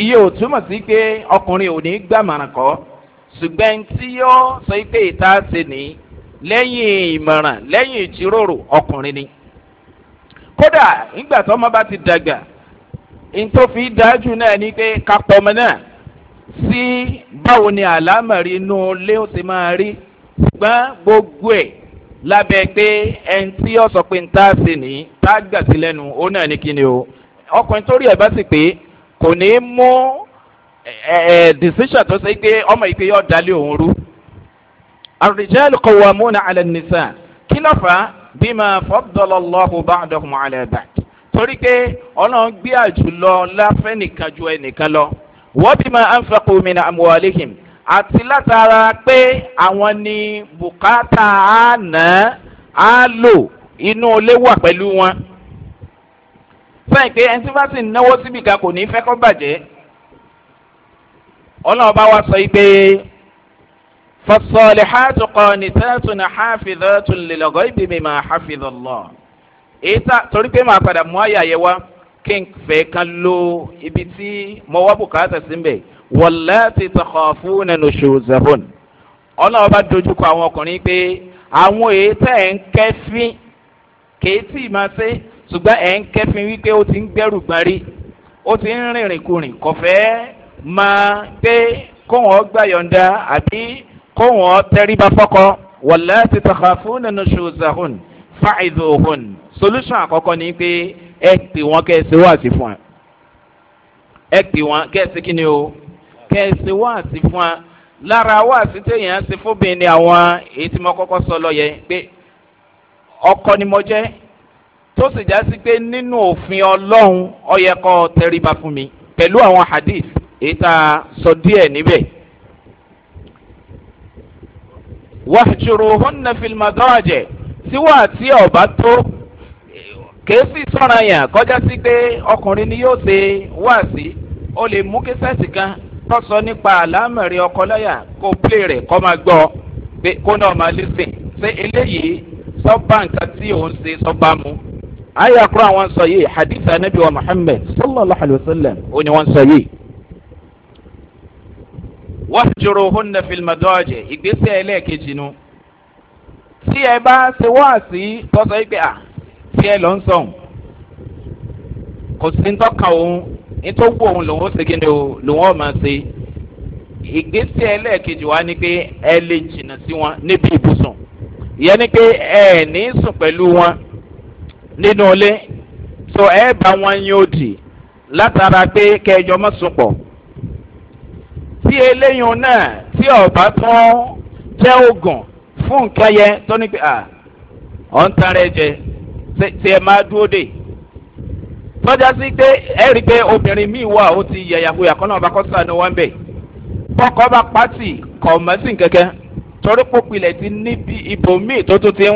iye ò túmọ̀ sí pé ọkùnrin ò ní gbàmọ̀ràn kọ́ ṣùgbọ́n tí yóò sọ pé ìta ṣe ní lẹ́yìn ìmọ̀ràn lẹ́yìn ìjíròrò ọkùnrin ni kódà nígbà tó ọmọ bá ti dàgbà ntòfi dájú náà ni pé kápọ̀ ọmọ náà sí báwo ni àlámọ̀rí inú ilé ó ti máa rí ṣùgbọ́n gbogbo ẹ̀ lábẹ́ pé ẹni tí ó sọ pé ta sí ni tá a gbà sí lẹ́nu ó náà ní kíni o ọkùnrin tó rí ẹ̀ bá sì pé kò ní mú ẹ̀ decision tó ṣe pé ọmọ yìí pé yóò dalé òun rú àrùjẹ́ kọ̀wé amúnà alẹ́ nìsan kí ló fà á bímọ fọdọlọlọhùn báńdọhùn àlẹbà torí pé ọlọ́run gbé àjùlọ láfẹ́ nìkan ju ẹnìkan lọ wọ́n bímọ ànfẹ́kù mi náà àmọ́ àlehìm àti látara pé àwọn ni bùkátà àná á lò inú ilé wà pẹ̀lú wọn sẹ́yìn pé ẹni tí bá sì náwó síbi kan kò ní fẹ́ kọ́ bàjẹ́ ọlọ́run bá wa sọ yìí pé. فالصالحات قانتات حافظات للغيب بما حفظ الله èyíta torí pé màá padà mú àyà yẹ wá kí n fẹ́ kan lo ibi tí mo wá bùkátà sí mbẹ̀ wọ̀lá ti tọkọ̀ fún nínú ṣòzẹ̀hún ọlọ́run bá dojúkọ àwọn ọkùnrin pé àwọn èyíta ẹ̀ ń kẹ́fín kèé tí ì máa ṣe ṣùgbọ́n ẹ̀ ń kẹ́fín wípé ó ti ń gbẹ́rù gbarí ó ti ń rìnrìn kurìn kọ̀fẹ́ máa gbé kóhùn ọgbà yọ̀ǹda àbí kó wọn tẹríba fọkọ wọlé ti tàkà fún nínú ṣùzàhùn fàìzòhùn solution àkọ́kọ́ ni pé ẹ pè wọn kẹ́ ẹ ṣe wáàsí fún wa ẹ pè wọn kẹ́ ẹ ṣe kí ni o kẹ́ ẹ ṣe wáàsí fún wa lára wáàsí téèyàn ṣe fóbìnrin ni àwọn èyí tí mo kọ́kọ́ sọ lọ yẹ pé ọkọ ni mo jẹ́ tó sì já sí pé nínú òfin ọlọ́run ọ yẹ kọ́ tẹríba fún mi pẹ̀lú àwọn hadith èyí tá a sọ díẹ̀ níbẹ̀ wàhùjùrùhùn nàfìl màdọ́ọ̀jẹ̀ tíwọ́ àti ọ̀bá tó kèésì sọ̀rọ̀ yàn kọjá sí pé ọkùnrin ni yóò ṣe wáàsí o lè mú kíṣẹ́ẹ̀sì kan tọ́sọ nípa àlámẹ̀rẹ̀ ọkọláyà kó plé rẹ̀ kọ́ máa gbọ́ pé kó náà máa lẹ́sìn ṣé eléyìí sọ́ba tí òun ṣe sọ́ba mu. ayé àkúrò àwọn sọ yìí hadith anabi wa muhammed sallallahu alayhi wa sallam ó ní wọ́n sọ yìí wọ́sìjòrò hunda fìlmàdọ́ọ̀jẹ̀ ìgbésẹ̀ ẹlẹ́ẹ̀kejì nu. tí ẹ bá ṣe wáàsí tọ́sọ ìgbé à tí ẹ lọ ń sọ̀n kò sí ń tọ́ka òun nítorí òun lòun ó ṣe kí ni o lòun ó máa ṣe. ìgbésẹ̀ ẹlẹ́ẹ̀kejì wa ni pé ẹ lè jìnnà sí wọn níbi ìbùsùn ìyẹn ni pé ẹ ní sùn pẹ̀lú wọn nínú ilé so ẹ bá wọn yín òdì látara pé kẹjọ mọ́ sùn pọ̀ tí eléyìí náà tí ọba tán jẹ́ oògùn fún nǹkan yẹn tó ní pé à ọ̀ ń tara ẹ jẹ tí ẹ máa dúró dè tọ́já sí pé ẹ rí i pé obìnrin míì wà ó ti yàyàkuyà kọ́nà ọba kọ́sà ni wọ́n ń bẹ̀ kọ́kọ́ bá pátì kọ̀ mọ́sìn kankan torí pòpilẹ̀ ti níbi ibòmíì tó tún ti ń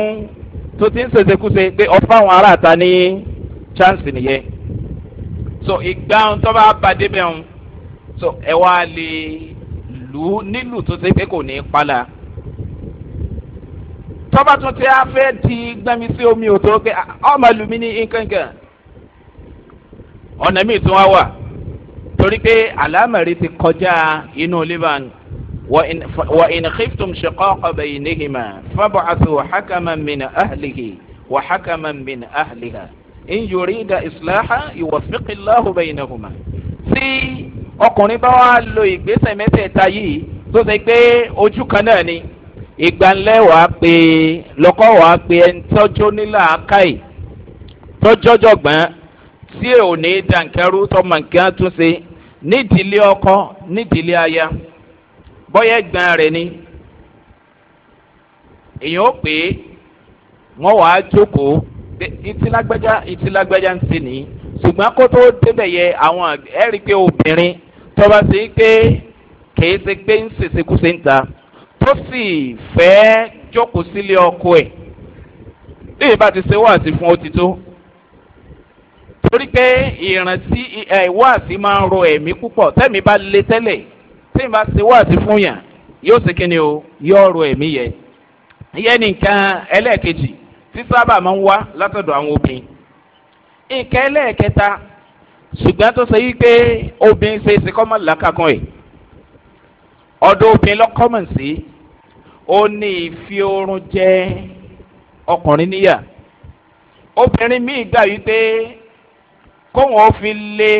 tó ti ń ṣèṣekúṣe pé ọ̀fọ̀ àwọn aráàta ní chance nìyẹn so ìgbà tó bá bá débẹ̀ ń so ẹ wá lè lù ú nílùú tó ṣe pé kò ní í pala tọ́ba tún ti á fẹ́ di gbẹ́mi sí omi òtó pé ah, ọmọ lùmí ní nkankan ọ̀nà míì tún wá wà torí pé àlámẹ̀rí ti kọjá inú liban wà ìnìkìftùm ṣẹ̀kọ́ ọ̀bẹ ìníhìmà fábọ̀ àti wàhákàmà mìíràn áhìlìhì wàhákàmà mìíràn áhìlìhà ń yorì ìdá ìsìláhà ìwọ̀síkìláhùbẹ̀ ìnáhùmà sí ọkùnrin bá wá lo ìgbésẹ̀ mẹ́tẹ̀ẹ̀ta yìí tó ṣe pé ojú kan náà ni ìgbànlẹ̀ wàá pe lọ́kọ́ wàá pe ẹni tọ́jọ́ nílà ákàì tọ́jọ́jọ̀gbọ́n tí ò ní dànkẹ́rú tọmọ nǹkan tún ṣe nídìílé ọkọ nídìílé aya bọ́yá ẹ̀gbọ́n rẹ̀ ni èèyàn ó pè é wọ́n wàá jókòó ìtìlágbájá ìtìlágbájá ń sè ní ṣùgbọ́n kó tó débẹ̀ yẹ àwọn ẹ̀rí pé obìnrin tọ́ba ṣe pé kìí ṣe pé ń ṣèṣekúṣe ń ta tó sì fẹ́ jókòó sílé ọkọ ẹ̀ léyìí bá ti ṣe wáàsí fún otító torí pé ìrántí wáàsí máa ń ro ẹ̀mí púpọ̀ tẹ́mi bá le tẹ́lẹ̀ tẹ́mi bá ṣe wáàsí fún yàn yóò ṣe kíni o yóò ro ẹ̀mí yẹ ìyẹn ní ẹlẹ́ẹ̀kejì tí sábà máa ń wá látọ̀dọ̀ àwọn obìnrin nǹkan ẹlẹ́ẹ̀kẹta ṣùgbọ́n tó ṣe yí pé obìnrin ṣe é ṣe kọ́mọ̀ làkàkùn ẹ̀ ọ̀dọ̀ obìnrin lọ́kọ́mọ̀ sí ó ní ìfi oorun jẹ́ ọkùnrin níyà obìnrin míì gbà yí pé kóun ó fi lé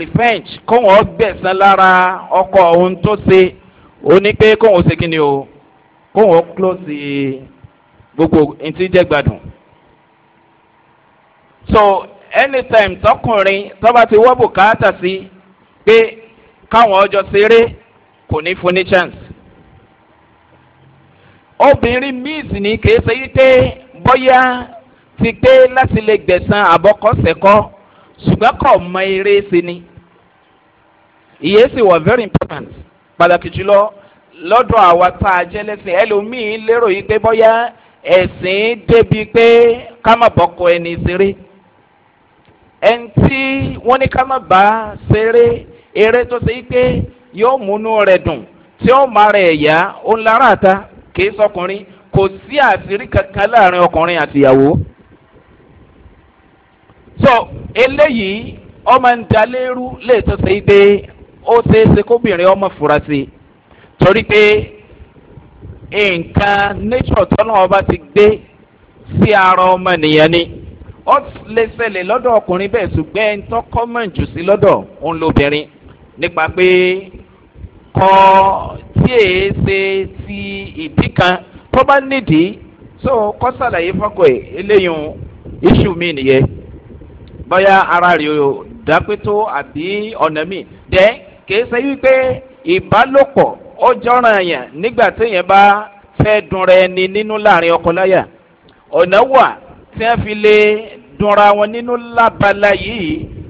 revenge kóun ó gbẹ̀sán lára ọkọ̀ ohun tó ṣe ó ní pé kóun ó ṣe kí ni o kóun ó close gbogbo ntí jẹ́ gbádùn so anytime tọkùnrin tọ́ba ti wọ́ bùkátà sí pé káwọn ọjọ́ ṣeré kò ní fún ní chance. obìnrin miss ní kìí ṣe yí pé bóyá ti pé láti lè gbẹ̀sán àbọ̀kọ́sẹ̀kọ́ ṣùgbọ́n kò mọ eré sí ni. ìyẹn sì wọ̀ very important pàtàkì jùlọ lọ́dọ̀ àwa tá a jẹ́ lẹ́sìn ẹlòmíín lérò yí pé bóyá ẹ̀sìn débi pé ká má bọ́kọ ẹni ṣeré ẹni tí wọ́n ní ká má bá ṣeré eré tó ṣe pé yóò múnú rẹ̀ dùn tí ó máa rẹ̀ ẹ̀yà ó ń lára àta kì sọkùnrin kò sí àṣírí kankan láàrin ọkùnrin àtìyàwó. so eléyìí ọmọ ń dalérú léètò sí pé ó ṣeéṣe kóbìnrin ọmọ fura sí i torí pé nǹkan nature tọ́nà ọba ti gbé sí ara ọmọ nìyẹn ni ó lè ṣẹlẹ̀ lọ́dọ̀ ọkùnrin bẹ́ẹ̀ ṣùgbẹ́ ẹni tó kọ́mọ̀ jù sí lọ́dọ̀ òun lóbìnrin nípa pé kọ́ tí èé ṣe ti ìdí kan tó bá nídìí so kọ́ ṣàlàyé fọ́kọ̀ ẹ̀ eléyìí iṣu mi nìyẹn bóyá ara rẹ̀ ò dápẹ́tó àbí ọ̀nà mi dẹ́ kìí ṣe wípé ìbálòpọ̀ ó jọ́ràn yàn nígbà téèyàn bá fẹ́ dunra ẹni nínú láàrin ọkọ láyà ọ̀nà wà tí wọ́n fi lè dunra wọn nínú lábala yìí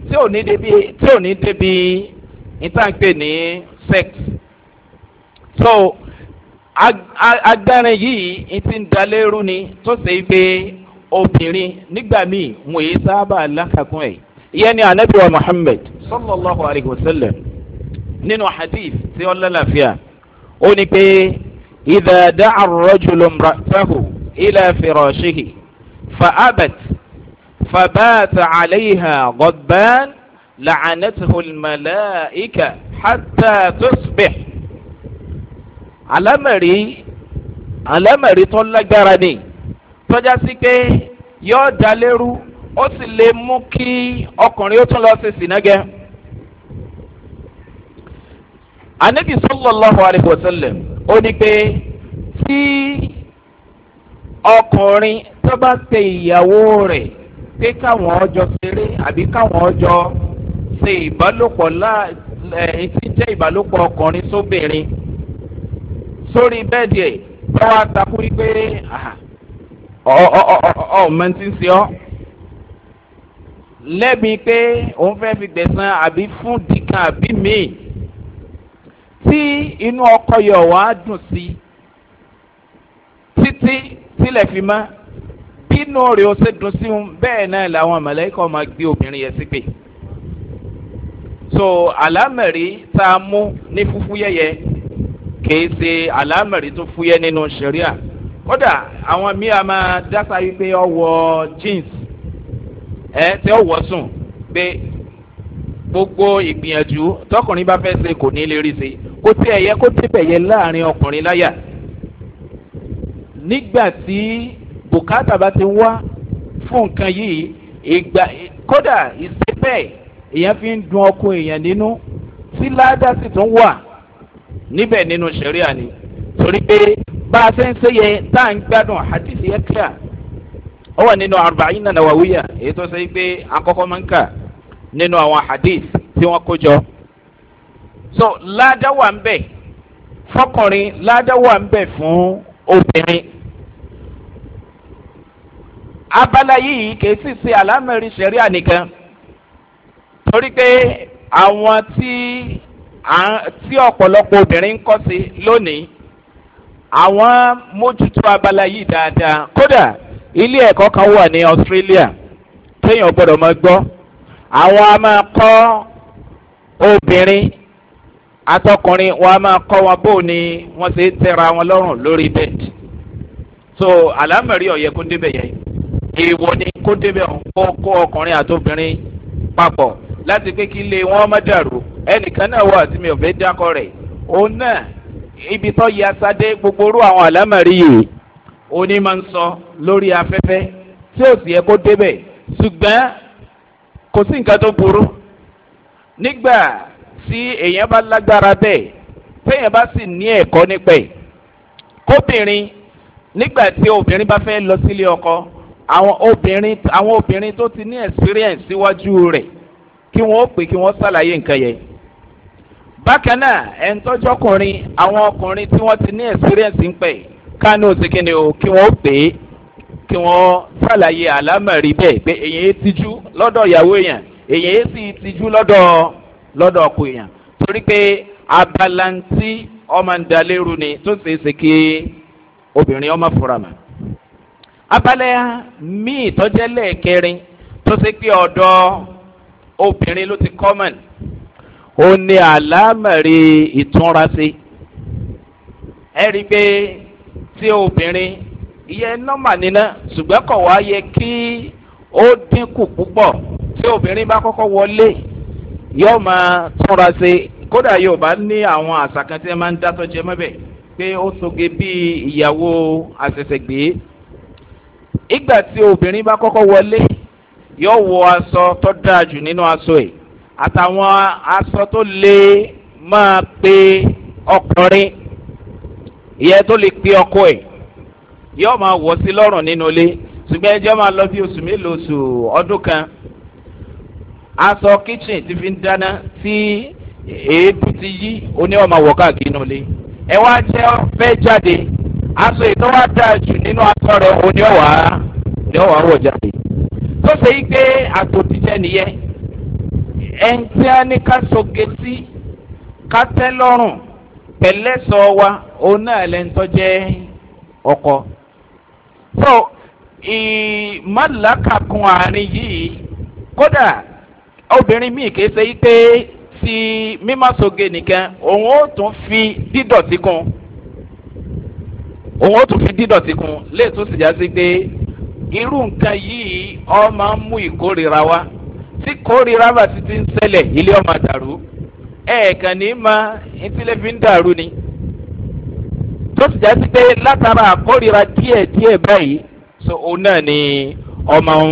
tí ò ní débi tí ò ní débi ìtànpé ní sex. so agbẹ́rin yìí ti ń dalérú ni tó ṣe é pé obìnrin nígbà míì wọn èyí sábà lákàtún ẹ̀ ìyẹn ni anabi muhammed sallallahu alayhi wa sallam nínú hadith tí ó lálàáfíà ó ní pé ìdàdà àrùrọ̀jùlọ̀ mùràtàhù ilà fìrọ̀ṣìhì. فأبت فبات عليها غضبان لعنته الملائكة حتى تصبح alámẹ̀rí alámẹ̀rí tó lágbára ni tọ́já sí pé yóò dá lérú ó sì lè mú kí ọkùnrin ó tún lọ sí sinagẹ́. anabi sallallahu alayhi wa sallam ó ní pé tí ọkùnrin tó bá tẹ ìyàwó rẹ̀ pé káwọn ọjọ́ ṣeré àbí káwọn ọjọ́ ṣe ìbálòpọ̀ láì tí jẹ́ ìbálòpọ̀ ọkùnrin sóbìnrin sórí bẹ́ẹ̀dì ẹ̀ bá wa takú wípé ọmọ ti ń ṣe ọ́ lẹ́bi pé òun fẹ́ fi gbẹ̀sán àbí fún dìkan àbí míì tí inú ọkọ yọ̀ wá dùn sí títí tílẹ̀ fi mọ́ kínú rẹ̀ ó ṣe dùn sí un bẹ́ẹ̀ náà làwọn mọ̀lẹ́kọ̀ máa gbé obìnrin yẹn sígbè. so àlámẹ̀rí tá a mú ní fúfú yẹyẹ kìí ṣe àlámẹ̀rí tó fúyẹ́ nínú sẹ̀ríà kódà àwọn míì a máa dáta wípé ọwọ́ jeans ẹ tí ọwọ́ sùn pé gbogbo ìgbìyànjú tọkùnrin bá fẹ́ ṣe kò ní lè rí ṣe kó tí ẹ̀yẹ kó tí bẹ̀yẹ láàrin ọkùnrin láyà nígbà tí bùkátà bá ti wá fún nǹkan yìí ìgbà kódà ìṣe bẹ́ẹ̀ èèyàn fi ń dun ọkùn èèyàn nínú tí ládàá sì tún wà níbẹ̀ nínú sẹ̀ríà ni torí pé bá a ṣe ń ṣe yẹ tá à ń gbádùn àdìsí ẹ̀ kíá ó wà nínú arba'in nana wàwíyà èyí tó ṣe pé akọ́kọ́ máa ń kà nínú àwọn hadith tí wọ́n kó jọ. so ládàá wà ń bẹ̀ fọkùnrin ládàá wà ń bẹ̀ fún obìnrin abala yìí kìí sì ṣe alámẹ̀rí sẹ̀ríà nìkan torí pé àwọn tí tí ọ̀pọ̀lọpọ̀ obìnrin ń kọ́ sí lónìí àwọn mójútó abala yìí dáadáa kódà ilé ẹ̀kọ́ kan wà ní australia téèyàn gbọ́dọ̀ máa gbọ́ àwọn a máa kọ́ obìnrin atọkùnrin wọn a máa kọ́ wọn bó ni wọ́n ṣe ń tẹ́ra wọn lọ́rùn lórí bẹ́ẹ̀ so alámẹ̀rí ọ̀yẹ́kúndébẹ̀yẹ́ yìí èèwọ̀ ni kó débẹ̀ kó kó ọkùnrin àti obìnrin papọ̀ láti pé kí ilé wọn má dàrú ẹnìkan náà wà tí mi ò fẹ́ dákọ rẹ̀ òun náà ibi tó yẹ asadé gbogbo orú àwọn àlámọ̀rí yìí òní máa ń sọ lórí afẹ́fẹ́ tí ò sì yẹ kó débẹ̀ ṣùgbọ́n kò sí nǹkan tó burú nígbà tí èèyàn bá lágbára bẹ́ẹ̀ téèyàn bá sì ní ẹ̀kọ́ nípa kóbìnrin nígbà tí obìnrin bá fẹ́ lọ sílé ọkọ àwọn obìnrin àwọn obìnrin tó ti ní experience síwájú rẹ̀ kí wọ́n pè kí wọ́n ṣàlàyé nǹkan yẹn bákan náà ẹ̀ńtọ́jọ́kùnrin àwọn ọkùnrin tí wọ́n ti ní experience ń pẹ̀ kánú ti kí ni o kí wọ́n pè é kí wọ́n ṣàlàyé àlámọ̀rí bẹ́ẹ̀ pé èyàn é tijú lọ́dọ̀ ìyàwó èèyàn èyàn é sì tijú lọ́dọ̀ lọ́dọ̀ ọkọ èèyàn torí pé abalantí ọmọ ń dalérú ni tó ṣeé ṣe kí obìnrin ọmọ fura mọ́ abalẹ̀ míì tọ́jẹ́ lẹ́ẹ̀kẹrin tó ṣe pé ọ̀dọ́ obìnrin ló ti kọ́mọ̀n ó ní àlámẹ̀rẹ̀ ìtúnra sí ẹ rí i pé tí obìnrin ìyẹn nọ́mà níná ṣùgbọ́n kọ̀ wá yẹ kí ó dínkù púpọ̀ tí obìnrin bá kọ́kọ́ wọlé yóò máa túnra sí kódà yóò bá ní àwọn àṣà kan tí wọ́n máa ń dá tọ́jú ẹ mọ́bẹ̀ pé ó soge bíi ìyàwó àṣẹṣẹgbè ìgbà tí obìnrin bá kọ́kọ́ wọlé yóò wọ aṣọ tó dáa jù nínú aṣọ ẹ̀ àtàwọn aṣọ tó lè máa pe ọkùnrin ìyẹn tó lè pe ọkọ ẹ̀ yóò máa wọ̀ sí lọ́rùn nínú ilé ṣùgbọ́n ẹjọ́ máa lọ bí oṣù mélòó oṣù ọdún kan aṣọ kitchen ti fi ń dáná tí èébú ti yí oní káàkiri nínú ilé ẹ wá jẹ́ fẹ́ jáde. aṣọ ìnáwó jù nínú aṣọ onye òun ni ó ni ó wọ̀ jáde tó ṣe yí pé àtòjíṣẹ́ nìyẹn ẹni tí a ká soge sí ká lọrùn lọ́rùn pẹ̀lẹ́sọ wa òun náà lẹ́ńtọ́ jẹ ọkọ. so ìmọ̀lákàkùn àárín yìí kódà obìnrin míì kìí yí pé ti mímọ́ soge nìkan òun ó tún fi dídọ̀tí kún un. òun ó tún fi dídọ̀tí kun léètò sì já sí pé irú nǹkan yìí ọ máa ń mú ìkórira wá tí kórira bá ti ti ń sẹlẹ̀ ilé ọmọ dàrú ẹ̀ẹ̀kan ní ma ìtìlẹ̀ fi ń dàrú ni tó sì já sí pé látara àkórira díẹ̀díẹ̀ báyìí so òun náà ni ọmọ ń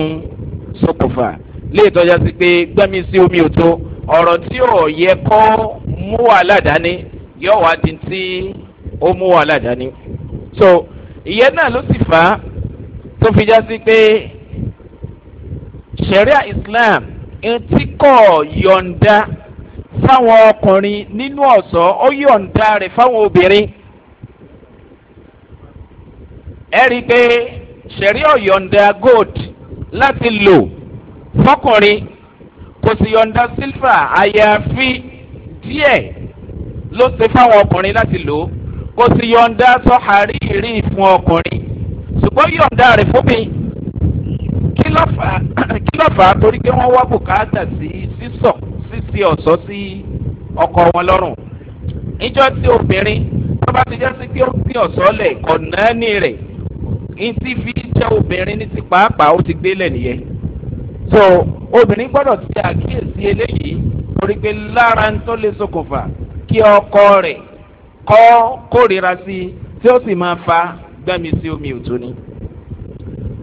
sokùnfà léètò já sí pé gbẹ́mí sí omi ò tó ọ̀rọ̀ tí ò yẹ kó mú wàhálà dání yóò wá di ti ó mú wàhálà dání so ìyẹn náà ló sì fà á tó fi já sí pé sharia islam etí kọ̀ yọ̀ǹda fáwọn ọkùnrin nínú ọ̀sọ́ ó yọ̀ǹda rẹ̀ fáwọn obìnrin ẹ rí i pé sharia yọ̀ǹda gold láti lò fọkùnrin kò sì yọ̀ǹda silver àyàfi díẹ̀ ló ṣe fáwọn ọkùnrin láti lò ó kò sì yọ̀ǹda sọ́hàrí ìrí fún ọkùnrin ṣùgbọ́n yọ̀ǹda rẹ̀ fún mi kí ló fà á torí pé wọ́n wá bùkátà sí sísọ sísè ọ̀sọ́ sí ọkọ wọn lọ́rùn níjọ́ tí obìnrin tó bá ti jẹ́ sí pé ó gbé ọ̀sọ́ lẹ̀ kọ̀nẹ́ẹ̀nì rẹ̀ ntí fi jẹ́ obìnrin ní ti pàápàá ó ti gbélẹ̀ nìyẹn so obìnrin gbọ́dọ̀ ti àkíyèsí eléyìí torí pé lára ń tó lè ṣokùnfà kí ọkọ rẹ̀ kọ́ kórìíra sí i tí ó sì máa fa gbẹ́mi sí omi òtún ni.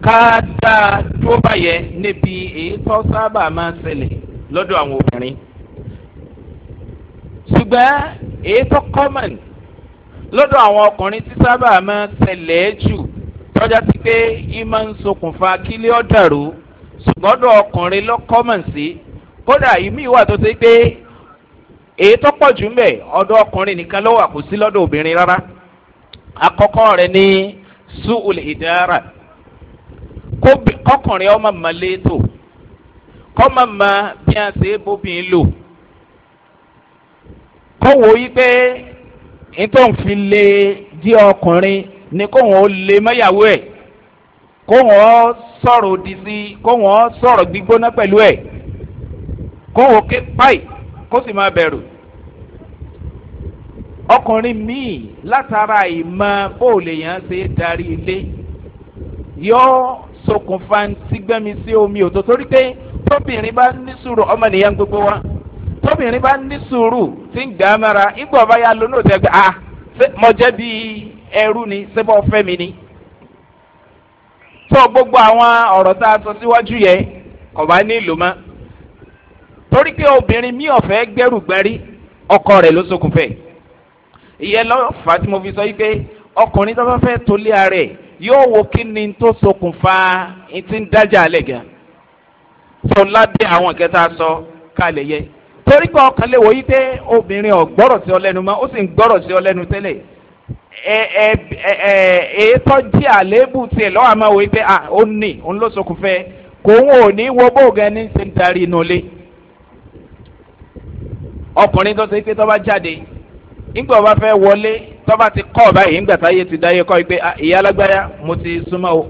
ká dáa dúró báyẹn níbi èyí tó sábà máa ń ṣẹlẹ̀ lọ́dọ̀ àwọn obìnrin. ṣùgbọ́n èyí tó common lọ́dọ̀ àwọn ọkùnrin tí sábà máa ń ṣẹlẹ̀ jù tọ́já sí pé ìmọ̀ ń ṣokùnfà kílé ọ̀dàrú ṣùgbọ́n ọ̀dọ̀ ọkùnrin lọ́ common sí kódà ìmí ìwà tó ṣe pé èyí tó pọ̀ jù mbẹ̀ ọ̀dọ̀ ọkùnrin nìkan ló wà kò sí lọ́dọ̀ obìnrin rárá akọ́kọ́ rẹ ní suul idara kọkùnrin ọmọ mọ̀lẹ́tò kọ́mọ mọ bí a ṣe é bóbin lò yí pé lè di ọkùnrin ni kóhùn ó lè mọ́yàwó ẹ̀ kóhùn ó sọ̀rọ̀ òdì sí kóhùn ó sọ̀rọ̀ gbígbóná pẹ̀lú ẹ̀ kóhùn ó ké páì. kó sì máa bẹ̀rù ọkùnrin míì látara ìmọ̀ bóòlù èèyàn ṣe darí ilé yóò ti sí omi òtò torí pé tóbìnrin bá gbogbo wa tóbìnrin bá ní sùúrù tí ń gbà ìgbà ọba ya lónà òtẹ́ gbé ah mo bí ẹrú ni mi ni tó gbogbo àwọn ọ̀rọ̀ tá a sọ síwájú torí pé obìnrin mi ọ̀fẹ́ gbẹ́rù gbẹ́rí ọkọ rẹ̀ ló sokùnfẹ́ ìyẹn lọ fà á tí mo fi sọ yìí pé ọkùnrin tó bá fẹ́ tó lé ara ẹ̀ yóò wo kí ni tó sokùnfà ti ń dájà alẹ́ gan sọ lábẹ́ àwọn ìkẹta sọ kálẹ̀ yẹ torí pé ọkàn lè wò yí pé obìnrin ọ̀gbọ́rọ̀ sí ọ lẹ́nu mọ́ ó sì ń gbọ́rọ̀ sí ọ lẹ́nu tẹ́lẹ̀ ẹ ẹ ẹ ètò jí àléébù tiẹ̀ lọ́wọ́ àmọ́ wò yí pé ah ó nì òun ló sokùnfẹ́ kò ń wò ní wo bóògùn ẹni ṣe ń darí inú ilé. ọkùnrin tó ṣe pé tọ́ba jáde nígbà ọba fẹ wọlé tọba ti kọ́ báyìí nígbà táyé ti dáyé kọ pé ah, ìyá alágbáyà mo ti súnmọ́ o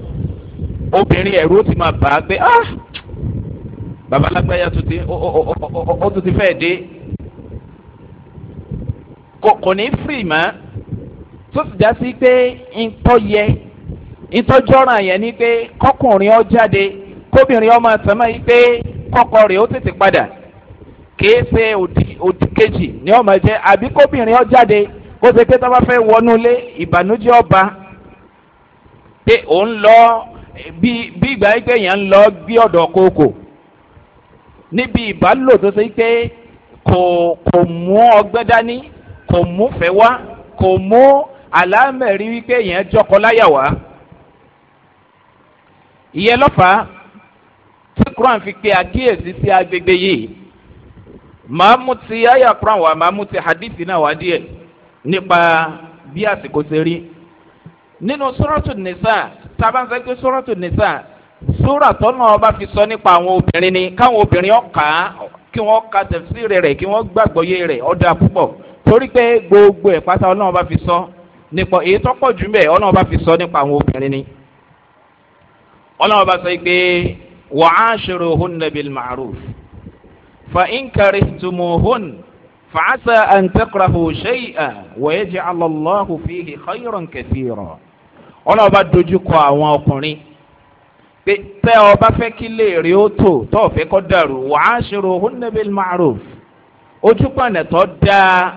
obìnrin ti máa bà pé ah baba alágbáyà tó ti ó tó ti dé kò ní fìrì tó sí pé ntọ́ yẹ ntọ́jọ́ràn yẹn ni pé kọkùnrin ọ jáde kóbìnrin ọmọ àtàmọ́ yìí pé kọkọ rẹ̀ ó tètè padà. kìí ṣe òdì kejì ni ọmọ jẹ àbí kóbìnrin ọ jáde kó ṣe pé tọ́ba fẹ́ wọnú ilé ìbànújẹ́ ọba pé òun lọ bí ìgbà yìí pé èèyàn ń lọ gbé ọ̀dọ̀ kókò níbi ìbálò tó ṣe pé kò kò mú ọgbẹ́ dání kò mú fẹ́ wá kò mú àlámẹ̀rí wípé èèyàn jọkọ láyà wá ìyẹn lọ́fà tí kuran fi pe àkíyèsí sí agbègbè yìí màá mú ti àyà quran wá màá mú ti hadith náà wá díẹ̀ nípa bí àsìkò ṣe rí nínú sọ́rọ́tù nìsà tábàǹsẹ́ pé sọ́rọ́tù nìsà sóra tọ́nà ọba fi sọ nípa àwọn obìnrin ni káwọn obìnrin ọ̀ka kí wọ́n ka tẹ̀síìrì rẹ̀ kí wọ́n gbàgbọ́yé rẹ̀ ọ̀dà púpọ̀ torí pé gbogbo ẹ̀ pátá ọlọ́run ọba fi sọ nípa èyí tó pọ̀ jù mẹ́ ọlọ́run ọba fi sọ nípa àwọn obìnrin ni ọlọ́run ọba sọ pé wàá ṣòro hùn nàbìl màrúf فإن كرهتموهن فعسى أن تكرهوا شيئا ويجعل الله فيه خيرا كثيرا ọlọ́run bá dojú kọ àwọn ọkùnrin pé tẹ́ ọ bá fẹ́ kí léèrè ó tò tó ọ̀fẹ́ kọ́ dàrú wà á ṣòro hunnabil maruf ojúpọ̀nà tó dáa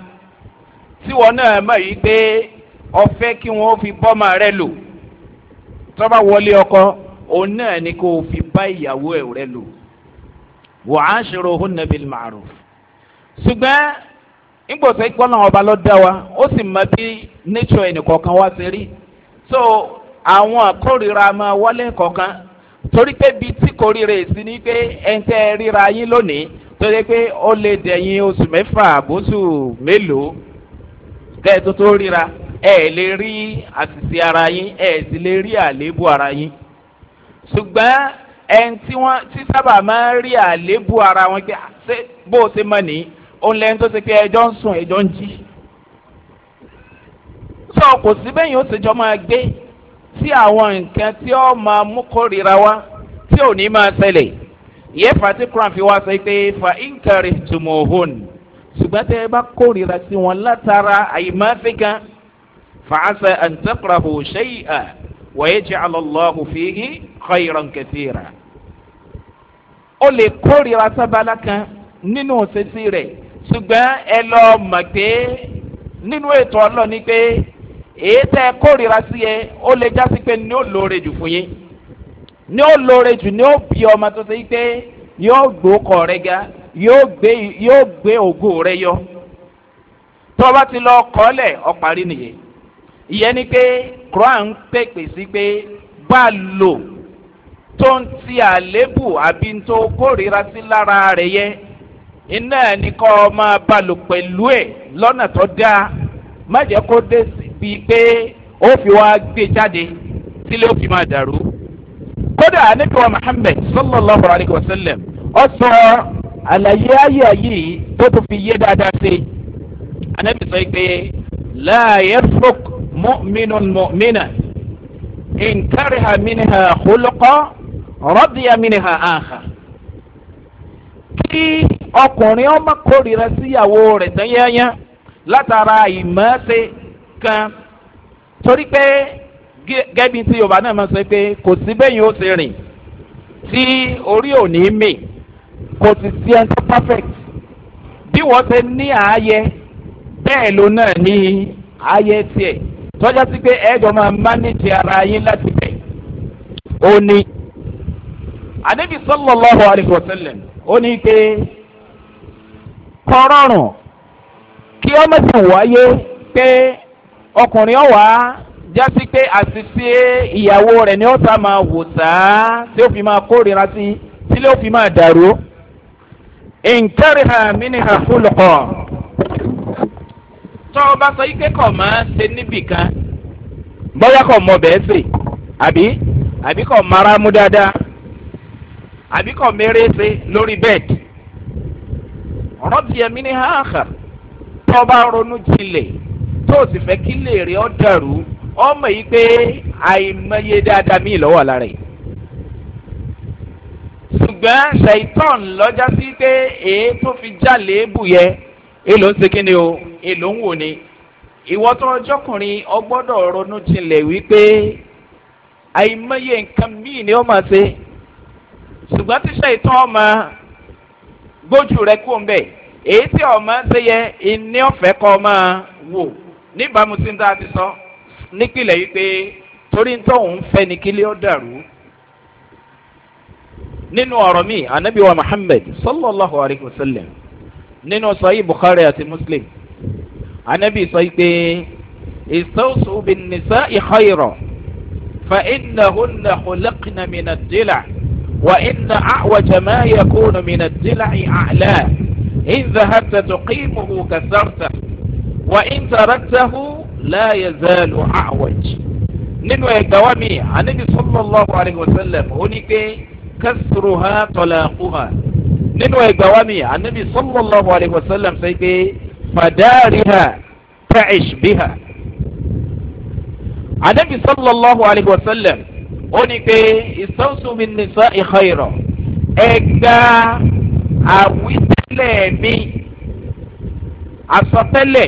tí wọn náà mọ̀ yìí pé ọfẹ́ kí wọ́n fi bọ́mọ rẹ lò tọ́ wọlé ọkọ òun náà ni kò fi bá ìyàwó rẹ lò wa ashiruhunna bil ma'ruf. ṣùgbọ́n ìgbòsẹ̀ ìgbọ́nà ọba ló dá wa ó sì mọ bí nature ẹnìkọ̀ọ̀kan wá ṣe rí so àwọn àkórira máa wọlé kọ̀ọ̀kan torí pé bíi tí kò rí rèé sí ni pé ẹ̀ńtẹ́ ríra yín lónìí torí pé ó lè dẹ̀yìn oṣù mẹ́fà àbóṣù mélòó kẹ́ẹ̀tún tó ríra ẹ̀ lè rí àṣìṣe ara yín ẹ̀ sì lè rí àléébù ara yín ṣùgbọ́n ẹn tí wọ́n tí sábà máa ń rí àléébù ara wọn pé ṣé bó o ṣe mọ̀ ní òun lẹ́yìn tó ṣe pé ẹjọ́ ń sùn ẹjọ́ ń jí. sọ kò sí bẹ́ẹ̀ yóò ṣèjọ́ máa gbé tí àwọn nǹkan tí ó máa mú kórìíra wá tí ò ní máa ṣẹlẹ̀ yẹ fati kran fi wá sọ pé fa inkari tumuhun ṣùgbọ́n tẹ́ ẹ bá kórìíra sí wọn látara àyèmáfíkan fàásẹ̀ àǹtẹ̀kùràhù ṣẹ́yìí à wọ́n yẹ jẹ́ àlọ́lọ́hù fìhí kọ́ ìrọ̀ǹkẹ̀tìrà o lè kórìíra sábàlá kan nínú òṣèṣì rẹ̀ ṣùgbọ́n ẹ lọ mọ̀ pé nínú ètò ọlọ́ọ̀ ni pé èyí tẹ́ kórìíra sí ẹ ó lè já sí pé ní ó lóore jù fún yín ní ó lóore jù ní ó bí ọmọ tó ṣe pé yóò gbó kọ rẹ ga yóò gbé yóò gbé ògo rẹ yọ tó ti lọ kọ́ lẹ̀ ọ̀parí nìyẹn ìyẹn ni pé quran pèpè sí pé bá a lò tó ń ti àlébù àbí tó kórìíra sí lára rẹ̀ yẹ iná ẹ̀ ní kọ́ ọ máa bá lò pẹ̀lú ẹ̀ lọ́nà tó dáa má jẹ́ kó dé bíi pé ó fi wá gbé jáde sílé ó fi máa dàrú. kódà anábìwá muhammed sallallahu alayhi wa sallam ọ sọ àlàyé ayé yìí tó tó fi yé dáadáa sí anábì sọ pé láàyè fúk mọ́mínú mọ́mínà nǹkan rẹ̀ hàmínú radiya minha akhar kí ọkùnrin ọmọ kórìíra síyàwó rẹ̀ tán yẹ́yẹ́ látara ìmọ̀ọ́sẹ̀ kan torí pé gẹ́bí tí yorùbá náà máa sọ pé kò sí bẹ́yìn ó ti rìn tí orí ò ní mì kò sì sí ẹni tó perfect bí wọ́n ti ní ààyè bẹ́ẹ̀ ló náà ní ààyè tiẹ̀ tọ́já sí pé ẹ̀ẹ́dọ̀ máa manage ara yín láti bẹ̀ ó ní. anabi sallallahu alayhi wa sallam ó ní pé kọ́rọ́rùn kí ọmọ sì wáyé pé ọkùnrin ọ̀wá jásí pé àṣìṣe ìyàwó rẹ̀ ni ó ta máa wò tá tí ó fi máa kórìíra sí tí ó fi máa dàrú. nkẹ́rìhà mínìhà fúlùkọ̀ tọ́ ọ bá sọ yí kékọ̀ máa ṣe níbìkan bọ́yá kọ̀ mọ̀ bẹ́ẹ̀ sè àbí àbí k'ọ mara mú dáadáa. àbí kò mẹ́rẹ́ ṣe lórí bẹ́ẹ̀dì rọ́bì ẹ̀mí ni hàhà tó bá ronú jinlẹ̀ tó o sì fẹ́ kí lèrè ọ́ dàrú ọmọ yìí pé àìmọye dáadáa mí lọ́wọ́ lára yìí ṣùgbọ́n ṣèitán lọ́jà sí pé èé tó fi jálè ébù yẹ èlò ń ṣe kí ni o èlò ń wò ni ìwọ tó ọjọ́kùnrin ọgbọ́dọ̀ ronú jinlẹ̀ wípé àìmọye nǹkan míì ni ó máa ṣe ṣùgbọ́n tí ṣètò ọmọ gbójú rẹ kú ń bẹ̀ èyí tí ọmọ ṣe yẹ iní ọ̀fẹ́ kọ́ ọmọ wò níbàámu tí ń dá ti sọ nípìnlẹ̀ yìí pé torí ń tóun fẹ́ ni kílé ó dàrú nínú ọ̀rọ̀ mi anabi wa muhammed sallallahu alayhi wa sallam nínú sọ́yìn bukhari àti muslim anabi sọ pé ìsọ́sọ́ bin ìkọ́ ìrọ̀ fa ìnáhùn náà kò lẹ́kìnnà mìíràn dìlà. وإن أعوج ما يكون من الدلع أعلاه إن ذهبت تقيمه كسرته وإن تركته لا يزال أعوج nínú ẹgbàá mi anabi sallallahu alayhi wa sallam ó ní pé kásìrùhà tọ́lákùhà nínú ẹgbàá mi anabi sallallahu alayhi wa sallam sọ pé fàdáàrìhà tàìṣbìhà anabi sallallahu alayhi wa sallam ó ní pé ìsọ́nsúnmi nìsọ́ ìkọ́ ìrọ̀ ẹgbà àwítẹ́lẹ̀ mi àsọtẹ́lẹ̀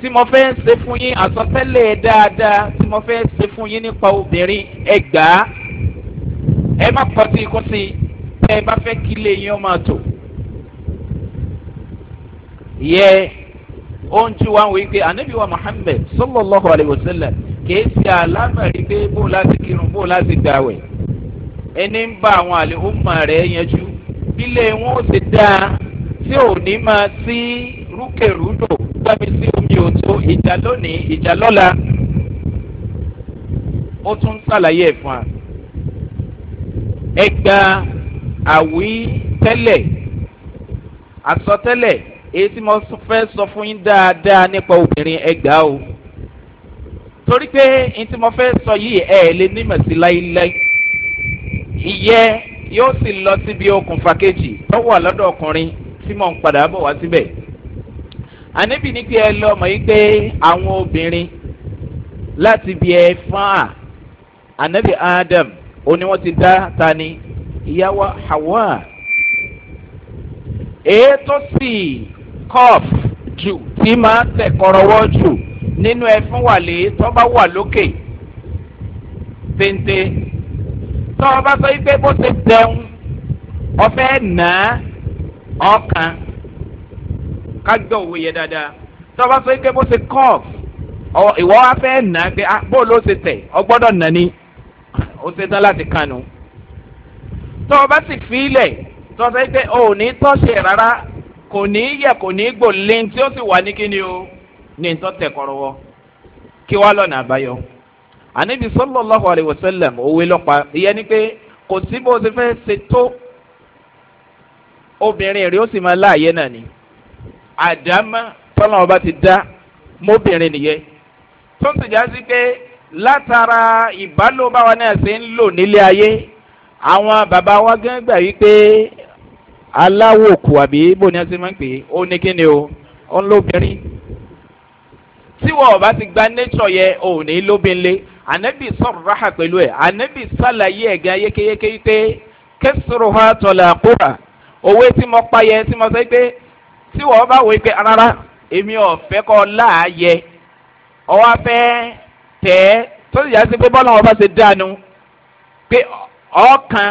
tí mo fẹ́ ṣe fún yín àsọtẹ́lẹ̀ dáadáa tí mo fẹ́ ṣe fún yín nípa obìnrin ẹgbà ẹ má pọ̀ sí ikú sí ẹ bá fẹ́ kí ilé yín ó máa yẹ ohun tí wọn wí pé anabiwa muhammed sallallahu alayhi wa sallam kìí ṣe alámọ̀rí pé bó láti kírun bó láti gbàwẹ̀ ẹni ń bá àwọn àlè ọmọ rẹ̀ yanjú bílé wọn ó ti dáa tí ò ní máa sí rúkèrúdò gbẹ́mi sí omi òtó ìjà lónìí ìjà lọ́la ó tún ṣàlàyé ẹ̀ fún wa ẹ gba àwí tẹ́lẹ̀ àsọtẹ́lẹ̀ èyí tí mo fẹ́ sọ fún yín dáadáa nípa obìnrin ẹ gbà o torí pé n tí mo fẹ́ sọ yìí ẹ̀ lè nímọ̀ sí láíláí ìyẹ́ yóò sì lọ síbi okùnfà kejì tó wà lọ́dọ̀ ọkùnrin tí mò ń padà bọ̀ wá síbẹ̀ àníbi ní pé ẹ lọ mọ̀ yìí pé àwọn obìnrin láti bí ẹ fún à ànábì adam òní wọn ti dá ta ni hawa èyí tó sì kọ́ọ̀f jù tí máa tẹ̀ kọ́rọ́wọ́ jù nínú ẹfún wàlẹ́ tó bá wà lókè téńté tó o bá sọ pé bó ti dẹun ọfẹ́ nà ọkàn kájọ òwe yẹ dáadáa tó o bá sọ pé bó ti kọ́ọ̀f ìwọ wa fẹ́ nà pé ah, bó ló ti tẹ̀ ọ gbọ́dọ̀ ó ti tán láti kànú tó sì fi ilẹ̀ tó pé ò ní tọ́ṣe rárá kò ní yẹ kò ní gbò lẹ́yìn tí ó sì wà ní kíni o ní ntọ́tẹ̀ kọ́rọ́wọ́ kí wá lọ́nà àbáyọ. ànábi sọlọ́láhu alayhi wa sallam òwe lọ́pàá ìyẹn ni pé kò sí bó ti fẹ́ ṣe tó obìnrin rẹ̀ ó sì máa láàyè náà ni àdámá tọ́lọ́mọ bá ti dá mọ́bìnrin nìyẹn tó ń tìjà sí pé látara ìbálòbáwa náà ṣe ń lò nílé ayé àwọn bàbá wa gán wípé aláwòkù àbí bóni ẹ ti máa ń pè é ó ní kíni o ó ń lóbìnrin tí wọn ọba ti gba nature yẹ ò ní lóbinlé anabi sọrọ raha pẹlú ẹ anabi sàlàyé ẹgàn yékéyéké pé kẹsìrò ha tọlẹ àkóra òwe tí mo pa yẹ tí mo sọ pé tí wọn bá wọ pé rárá èmi ọ̀fẹ́ kọ́ láàyè ọwọ́ fẹ́ tẹ̀ tó sì yá sí pé bọ́lá wọn bá ṣe dànù pé ọ̀kan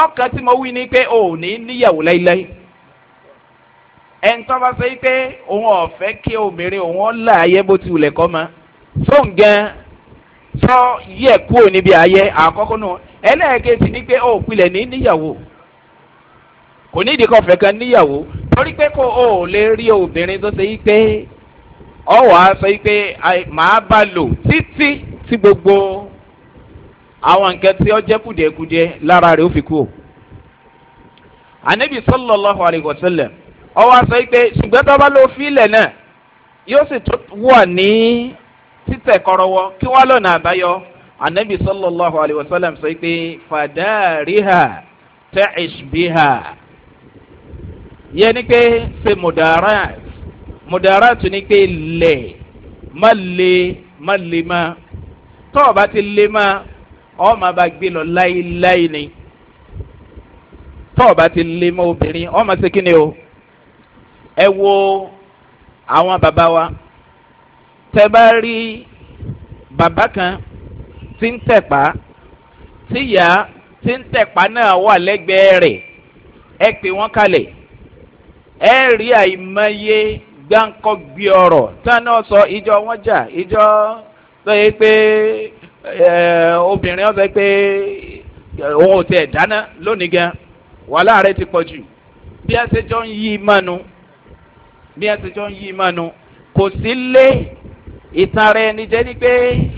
ọ̀kan tí mo wí ni pé ò níyàwó láíláí. ẹ̀ńtọ́ bá sọ pé òun ọ̀fẹ́ kí obìnrin òun ọ̀la ayé bó ti wulẹ̀ kọ́ ma fóun gan sọ yẹ kúrò níbi ayé àkọ́kọ́ náà ẹlẹ́ẹ̀kejì ni pé ó pilẹ̀ ní níyàwó kò ní ìdíkọ̀ fẹ́ kan níyàwó torí pé kò ó lè rí obìnrin tó ṣe pé ọ wàá sọ pé màá bá lò títí tí gbogbo àwọn nǹkan tí ó jẹ́ kùdìẹ̀kudiẹ lára rẹ̀ ó fi kú o. anabi ọwọ́ sọ pé ṣùgbọ́n tó bá lọ fílẹ̀ náà yóò sì tún wọ̀ ní títẹ̀ kọ́rọ́wọ́ kí wọ́n lọ́nà àbáyọ anabi sallallahu alayhi wa sallam sọ pé fàdáàríhà tẹ̀síbíhà yẹn ni pé ṣe mùdàrà mùdàrà tún ni pé lẹ̀ má le má le má tọ́ ọ bá ti le má ọ máa bá gbé lọ láéláé ni tọ́ ọ bá ti le má obìnrin ọ máa ṣe kí ni o ẹ wo àwọn bàbá wa tẹ bá rí bàbá kan tí ń tẹ̀pá tíyà tí ń tẹ̀pá náà wà lẹ́gbẹ̀ẹ́ rẹ̀ ẹ pè wọ́n kalẹ̀ ẹ rí àìmọye gbáǹkọ́ gbé ọ̀rọ̀ tánà sọ ìjọ wọn jà ìjọ tó yẹ pé obìnrin ọ̀sẹ̀ pé òun ò tẹ̀ dáná lónìí gan wàhálà rẹ ti pọ̀ jù bí ẹ ṣe jọ ń yí mọ́nu bí a ti jọ ń yí mánu kò sí lé ìtàn rẹ ni jẹ́ ni pé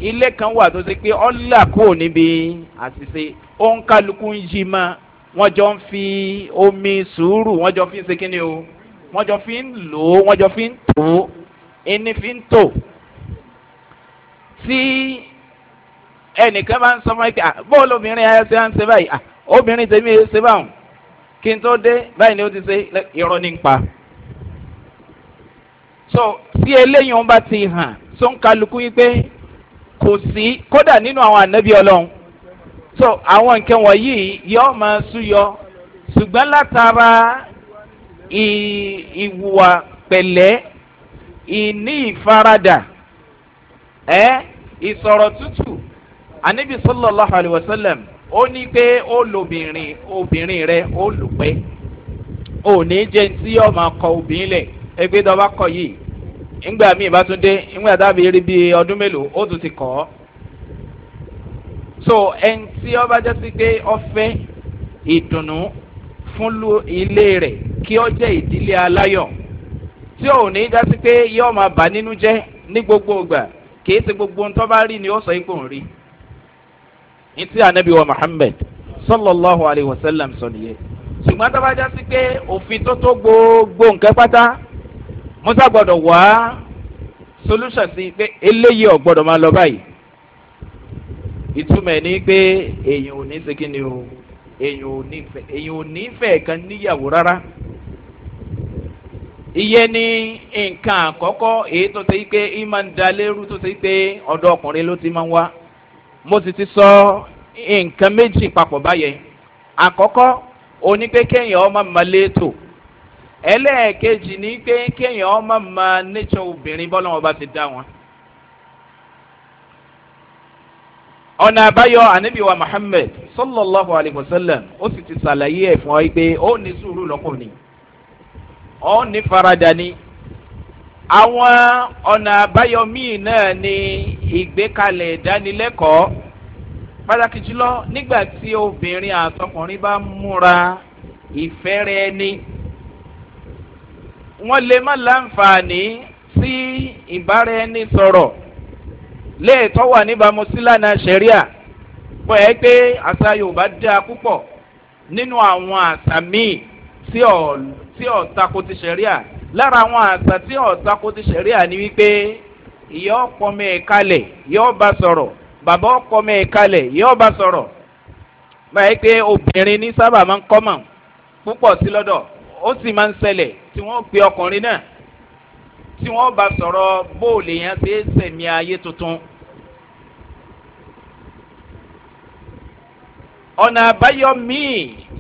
ilé kan wà tó ṣe pé ọ́là kúrò níbi àṣìṣe ó ń kálukú ń yí ma wọ́n jọ ń fi omi sùúrù wọ́n jọ fi ń ṣe kí ni o wọ́n jọ fi ń lò ó wọ́n jọ fi ń tò ó ẹni fi ń tò tí ẹnìkan máa ń sọ fún mi bọ́ọ̀lù obìnrin ayé ṣe ń ṣe báyìí obìnrin tèmi ṣe báwọn kí n tó dé báyìí ni ó ti ṣe irọ́ ní pa so bí eléyìí wọn bá ti hàn so ń kálukú yín pé kò sí kódà nínú àwọn ànábì ọlọ́run so àwọn nǹkan wọ̀nyí yọ máa súyọ ṣùgbọ́n látara ìwà pẹ̀lẹ́ ìní ìfaradà ẹ ìsọ̀rọ̀ tútù ànábì sallallahu alayhi wa sallam ó ní pé ó lobìnrin obìnrin rẹ ó lùpẹ́ ò ní jẹ́ tí yọ máa kọ obìnrin lẹ̀ ẹgbẹ́ dọ́ba kọ yìí ńgbà mi Ibatunde tún dé bi tábìlì rí bíi ọdún mélòó ó tún ti kọ́ so ẹni tí ọba jẹ́ sí pé ọfẹ́ ìdùnnú fún ilé rẹ̀ kí ọ jẹ́ ìdílé aláyọ̀ tí ò ní já sí pé yóò máa bà nínú jẹ́ ní gbogbo ìgbà kìí ṣe gbogbo ohun tó bá rí ni ó sọ ipò ń rí ní ti anabi wa muhammed sallallahu alayhi wa sallam sọ nìyẹn ṣùgbọ́n tó bá já sí pé òfin tó tó gbogbo nǹkan pátá. musa gbọdọ wá solution sí pé eléyìí ò gbọdọ máa lọ báyìí ìtumọ̀ ni pé èyàn ò ní ṣe kí ni o èyàn ò ní fẹ́ èyàn ò ní fẹ́ kan níyàwó rárá iye nǹkan àkọ́kọ́ èyí tó ṣe pé í máa ń da lérú tó ṣe pé ọ̀dọ́ ọkùnrin ló ti máa ń wá mo sì ti sọ nǹkan méjì papọ̀ báyẹn àkọ́kọ́ ẹlẹ́ẹ̀kejì ni pé kéèyàn ọmọ ma nature obìnrin bọ́lá wọn bá ti dá wọn. ọ̀nà àbáyọ ànábìwá muhammed sallallahu alayhi wa sallam ti ṣàlàyé ẹ̀ fún ọ pé ó ní sùúrù lọ́kùnrin ó ní farada ni àwọn ọ̀nà àbáyọ míì náà ni ìgbékalẹ̀ ìdánilẹ́kọ̀ọ́ pàtàkì jùlọ nígbà tí obìnrin àtọkùnrin bá múra wọ́n lè má láǹfààní sí ìbára ẹni sọ̀rọ̀ léètọ́ wà níbàámu sílànà sẹ̀ríà pọ̀ ẹ́ pé àṣà yorùbá dáa púpọ̀ nínú àwọn àṣà míì tí ọ̀tako ti sẹ̀ríà lára àwọn àṣà tí ọ̀tako ti sẹ̀ríà ni wípé ìyá ọ̀pọ̀mọ ìkalẹ̀ yọ ọba sọ̀rọ̀ bàbá ọ̀pọ̀mọ ìkalẹ̀ yọ ọba sọ̀rọ̀ báyìí pé obìnrin ní sábà máa ń kọ́mọ̀ púpọ̀ sí lọ́dọ̀ ó sì máa ń ṣẹlẹ̀ tí wọ́n pe ọkùnrin náà tí wọ́n bá sọ̀rọ̀ bóòlù yẹn ṣe é sẹ̀mí ayé tuntun. ọ̀nà àbáyọ míì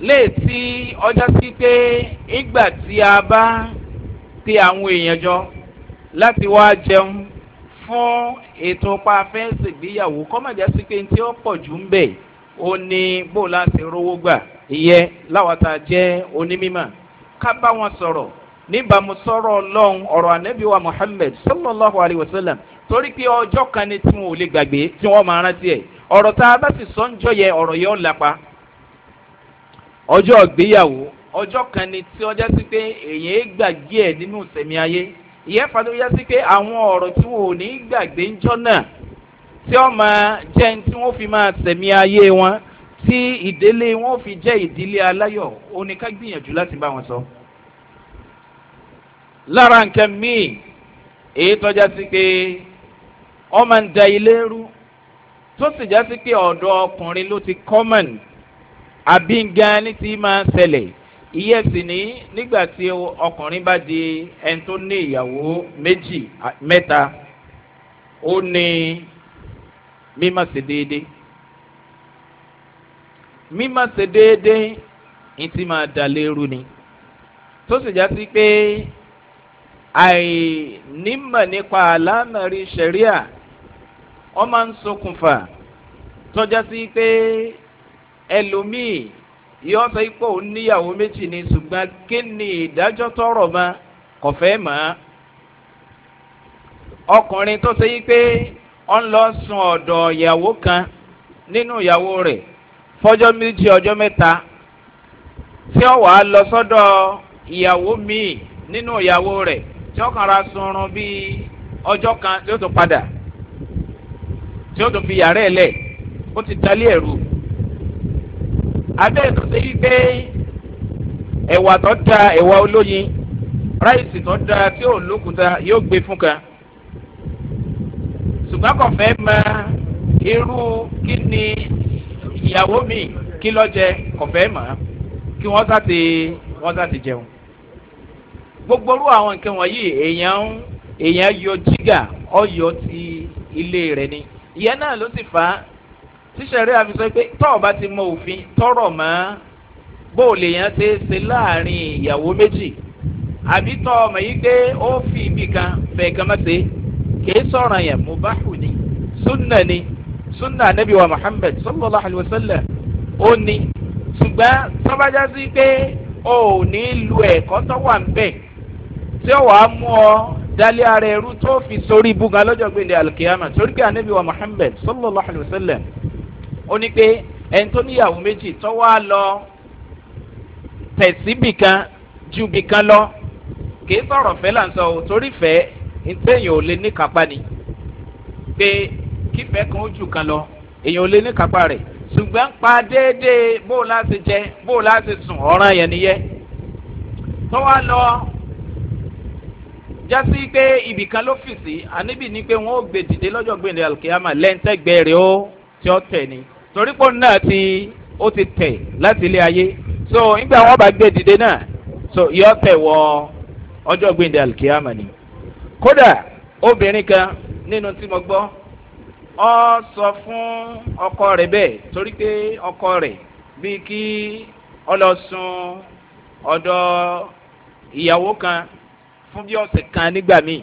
lè ti ọjọ́ sí pé ìgbà tí a bá pe àwọn èèyàn jọ láti wá jẹun fún ètò pa fẹ́ǹsì kọ́mọ̀jà sí pé tí ó pọ̀ jù ń bẹ̀ ó ní rówó gbà ìyẹn láwọn tá a jẹ́ onímọ̀ wọn sọ̀rọ̀ níbàámu sọ̀rọ̀ ọlọ́run ọ̀rọ̀ ànábì wa muhammed sallallahu alayhi wa sallam torí pé ọjọ́ kan ni tí wọn ò lè gbàgbé tí wọ́n máa rántí ẹ̀ ọ̀rọ̀ tá a bá sì sọ ń jọ yẹ ọ̀rọ̀ yẹn ó lapa ọjọ́ ìgbéyàwó ọjọ́ kan ni tí ọjọ́ sí pé èyàn é gbàgbé ẹ̀ nínú ìsẹ̀mí ayé ìyẹn fàdó yá sí pé àwọn ọ̀rọ̀ tí wọn ò ní gbàgbé ń jọ náà tí wọ́n máa jẹ́ ní tí wọ́n fi máa sẹ̀mí ayé wọn tí ìdílé wọn fi jẹ́ ìdílé aláyọ̀ oníkágbìyànjú láti bá wọn sọ. So lára nǹkan míì èyí tọ́já sí pé ọmọ ń da ilé rú tó sì já sí pé ọ̀dọ́ ọkùnrin ló ti kọ́mọ̀n àbí gan ní ti máa ṣẹlẹ̀ ìyẹn sì ní nígbà tí ọkùnrin bá di ẹni tó ní ìyàwó méjì mẹ́ta ó ní mímọ̀ sí déédéé mímọ̀ sí déédéé ní ti máa dà lérú ni tó sì já sí pé. àìnímọ̀ nípa àlámẹ̀rí sẹ̀ríà wọ́n máa ń ṣokùnfà tọ́já sí pé ẹlòmíì yọ sọ pé òun níyàwó méjì ni ṣùgbọ́n kí ni ìdájọ́ tọrọ ma kò fẹ́ mọ́ ọkùnrin tó ṣe pé ọ ń lọ sun ọ̀dọ̀ ìyàwó kan nínú ìyàwó rẹ̀ fọjọ́ méjì ọjọ́ mẹ́ta tí wàá lọ sọ́dọ̀ nínú ìyàwó rẹ̀ tí ó kàn ra sunrun bíi ọjọ́ kan tí ó tún padà tí ó tún fi yàrá ẹ̀ lẹ̀ ó ti dalé ẹ̀rù abẹ́ ètò ṣe yí pé ẹ̀wà tó da ẹ̀wà olóyin ráìsì tó da tí ò lókùúta yóò gbé fún kan ṣùgbọ́n kò fẹ́ mọ irú kí ni ìyàwó mi kí lọ́jẹ kò fẹ́ mọ̀ kí wọ́n sá ti wọ́n sá ti jẹun. gbogbo orú àwọn nǹkan wọ̀nyí èèyàn èèyàn yọ jígà ọyọ ti ilé rẹ ni ìyẹn náà ló sì fà á tíṣẹ̀rí àfi sọ pé ti mọ òfin tọrọ mọ́ bó o lè yàn ṣe é ṣe láàrin ìyàwó méjì àbí tọ́ pé ó fi ibì kan fẹ̀ẹ́ kan mọ́ ṣe mubahu ni Suna ni Suna nabi wa muhammed sallallahu alayhi wa sallam ó ní ṣùgbọ́n o ò ní lu ẹ̀kọ́ tó wà tí ó wàá mú ọ dálé ara ẹrú tó fi sórí ibú gan lọ́jọ́ gbélé alkiyama torí pé anabi wa muhammed sallallahu alayhi wa sallam ó ní pé ẹni tó níyàwó méjì tó wá lọ tẹ̀sí bìkan ju bìkan lọ kìí sọ̀rọ̀ fẹ́ là o torí fẹ́ ntẹ̀yìn ò lè ní kápá ni pé kífẹ́ kan ó jù kan lọ èyàn ò lè ní kápá rẹ̀ ṣùgbọ́n pa déédéé bó o láti jẹ bó o láti sùn ọ̀ràn yẹn niyẹ tó wá lọ jásí pé ibì kan ló fì sí àníbì ni pé wọn ó gbé dìde lọ́jọ́ gbẹ̀ndẹ̀ alùkìyàmà lẹ́ńtẹ́gbẹ́ rẹ̀ ó tí ó tẹ̀ ni torí pé náà ti ó ti tẹ̀ láti ilé ayé so nígbà wọn bá gbé dìde náà so yọ tẹ̀ wọ ọjọ́ gbẹ̀ndẹ̀ alùkìyàmà ni. kódà obìnrin kan nínú tí mo gbọ́ ọ sọ fún ọkọ rẹ bẹ́ẹ̀ torí pé ọkọ rẹ bíi kí ọlọ́sùn ọ̀dọ̀ ìyàwó kan fún bí ọ̀sẹ̀ kan nígbà míì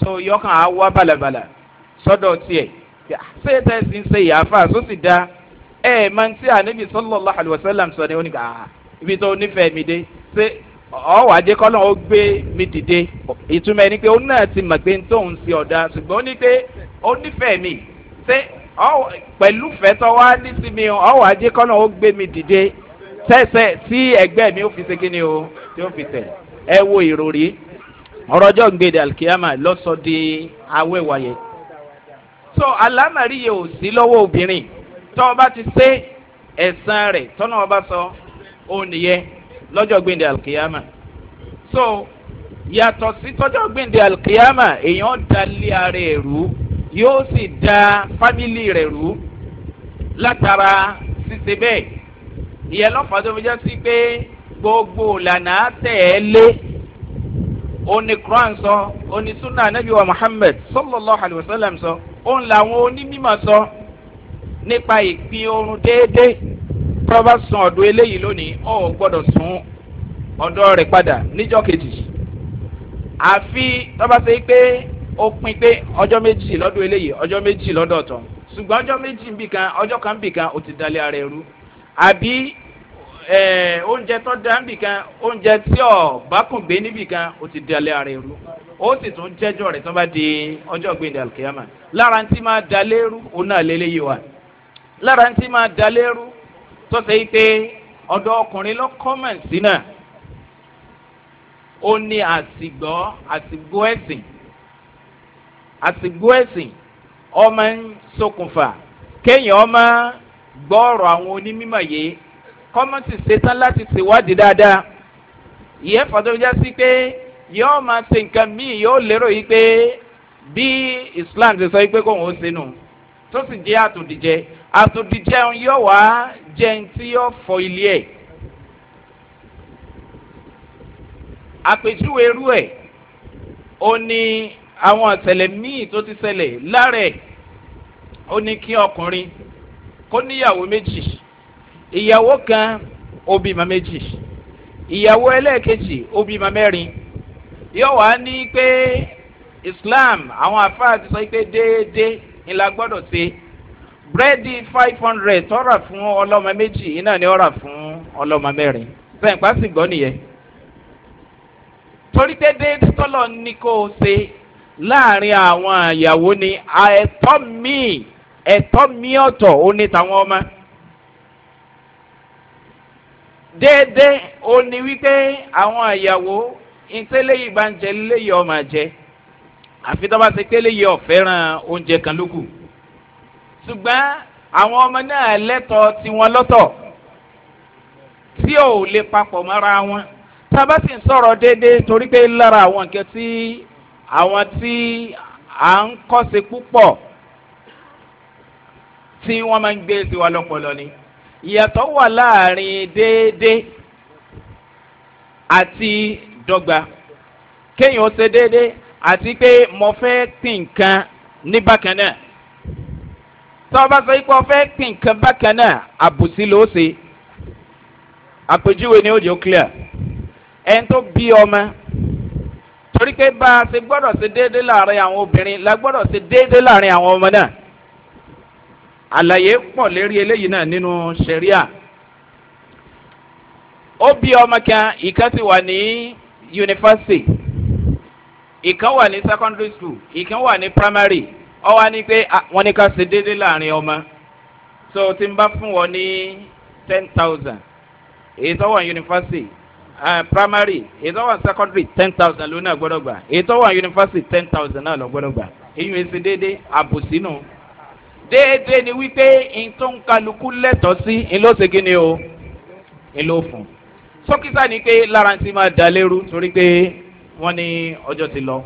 so yọkàn á wá balabala sọ́dọ̀ tiẹ̀ ṣé ẹ tẹ́sí ń ṣe ìyáfà tó sì dá ẹ ẹ máa ń tí ànábì sọlọ́lá àlùwọ̀sálàm sọ ni ó ní ká ibi tó nífẹ̀ẹ́ mi dé ṣé ọ̀wà dé kọ́lọ́ ó gbé mi dìde ìtumọ̀ ẹni pé ó náà ti mọ̀ pé tóun ṣe ọ̀dà ṣùgbọ́n ó ní pé ó nífẹ̀ẹ́ mi ṣé pẹ̀lú fẹ́tọ́ wá ní sí mi ọ̀wà dé kọ́lọ́ ó gbé mi dìde sẹ́sẹ́ tí ẹgbẹ́ mi ó fi ṣe kí ni o tí ó fi tẹ̀ ẹ wo ìròrí ọ̀rọ̀jọ́ gbèdé alikiyama lọ́sọ̀ di awẹ́wàyẹ. so alámàrí yẹ ò sí lọ́wọ́ obìnrin tọ́ ọba ti sé ẹ̀sán rẹ̀ tọ́nà ọba sọ òun lọ́jọ́ gbèdé alikiyama. so yàtọ̀ sí tọ́jọ́ gbèdé alikiyama èèyàn dalẹ̀ ara ẹ̀ rú yóò sì da fámìlì rẹ̀ rú látara ṣíṣe bẹ́ẹ̀ ìyẹn lọ́fàá tó fi jẹ́ sí pé gbogbo ìlànà tẹ̀ ẹ́ lé òní quran sọ òní sunna anabi wa muhammed sallallahu alayhi wa sallam sọ òun làwọn onímọ̀ sọ nípa ìpín oorun déédéé tọ́ba sun ọ̀dọ̀ eléyìí lónìí ọ̀ gbọ́dọ̀ sun ọ̀dọ̀ rẹ̀ padà níjọ́ kejì àfi tọ́ba ṣe pé ó pin pé ọjọ́ méjì lọ́dọ̀ eléyìí ọjọ́ méjì lọ́dọ̀ ọ̀tọ̀ ṣùgbọ́n ọjọ́ méjì ń bì kan ọjọ́ kan ń bì kan ó ti dalẹ̀ ara ẹ̀rú àbí Eh, oúnjẹ tó dá níbì kan oúnjẹ tí ò bá kùn gbé níbì kan ó ti dalẹ̀ ara ẹ̀rú ó sì tún jẹ́jọ́ rẹ̀ tó bá di ọjọ́ gbẹ̀ndẹ̀ alkiyama lára tí máa dalẹ̀ ẹ̀rú òun náà lélẹ́yìí wa lára tí máa dalẹ̀ ẹ̀rú tó ṣe pé ọ̀dọ̀ ọkùnrin ló kọ́mẹ̀ǹt sí náà ó ní àsìgbọ́ àsìgbó ẹ̀sìn àsìgbó ẹ̀sìn ọmọ ń ṣokùnfà kéèyàn ọmọ gbọ́ ọ̀rọ̀ àwọn onímọ̀ yìí kọ́mọ́tì ṣetán láti ṣèwádìí dáadáa ìyẹn fàdójá sí pé yóò máa ṣe nǹkan míì yóò lérò yìí pé bí islam ṣe sọ pé kóun ó ṣe nù tó sì jẹ́ àtòdìjẹ àtòdìjẹ yóò wá jẹ́ tí yóò fọ ilé ẹ̀ àpèjúwe irú ẹ̀ ó ní àwọn ọ̀sẹ̀lẹ̀ míì tó ti ṣẹlẹ̀ lára ẹ̀ ó ní kí ọkùnrin kó níyàwó méjì ìyàwó kan ó bímọ méjì ìyàwó ẹlẹ́ẹ̀kejì ó bímọ mẹ́rin yóò wá ní pé islam àwọn àfáà ti sọ pé déédéé ni la gbọ́dọ̀ ṣe búrẹ́dì five hundred tọ́ra fún ọlọ́mọ méjì iná ni ọ̀rà fún ọlọ́mọ mẹ́rin sẹ́ǹpá sì gbọ́ nìyẹn torí pé déédéé tọ́lọ̀ ní kó o ṣe láàrin àwọn àyàwó ni ẹ̀tọ́ míì ẹ̀tọ́ míì ọ̀tọ̀ ó ní tàwọn ọmọ déédéé ó ní wípé àwọn àyàwó ìtẹ́lẹ̀ yìí bá ń jẹ léyìí ọmọ àjẹ àfi tó bá ti tẹ́lẹ̀ yìí ọ̀fẹ́ràn oúnjẹ kan lókù ṣùgbọ́n àwọn ọmọ náà lẹ́tọ̀ọ́ tiwọn lọ́tọ̀ tí ò lè papọ̀ mọ́ra wọn tábà sì ń sọ̀rọ̀ déédéé torí pé lára àwọn nǹkan tí àwọn tí à ń kọ́ sí púpọ̀ tí wọ́n máa ń gbé sí lọ́pọ̀lọ́ ni ìyàtọ̀ wà láàrin déédéé àti dọ́gba kéèyàn ṣe déédéé àti pé mo fẹ́ pín nǹkan ní bákan náà tọ́ba sọ pé o fẹ́ pín nǹkan bákan náà àbùsí ló ṣe àpèjúwe ni ó jẹ́ clear ẹni tó bí ọmọ torí pé bá a ṣe gbọ́dọ̀ ṣe déédéé láàrin àwọn obìnrin la gbọ́dọ̀ ṣe déédéé láàrin àwọn ọmọ náà àlàyé pọ̀ lérí eléyìí náà nínú sẹ̀ríà ó bí ọmọ kan ìkan ti wà ní yunifásitì ìkan wà ní secondary school ìkan wà ní primary ọ wá ní pé wọn ní ká ṣe déédéé láàrin ọmọ so tí n bá fún wọn ní ten thousand èyí tó wà yunifásitì primary èyí tó wà secondary ten thousand ló náà gbọdọ̀ gbà èyí tó wà yunifásitì ten thousand náà lọ gbọdọ̀ gbà èyí ò ṣe déédéé àbòsí No deede ni wípé ntọ́nkálukú lẹ́tọ̀ọ́ sí ńlọ́sẹ̀kí ni o ńlọ́fún sókítà ni pé lára ti máa dà lérú torí pé ni ti lọ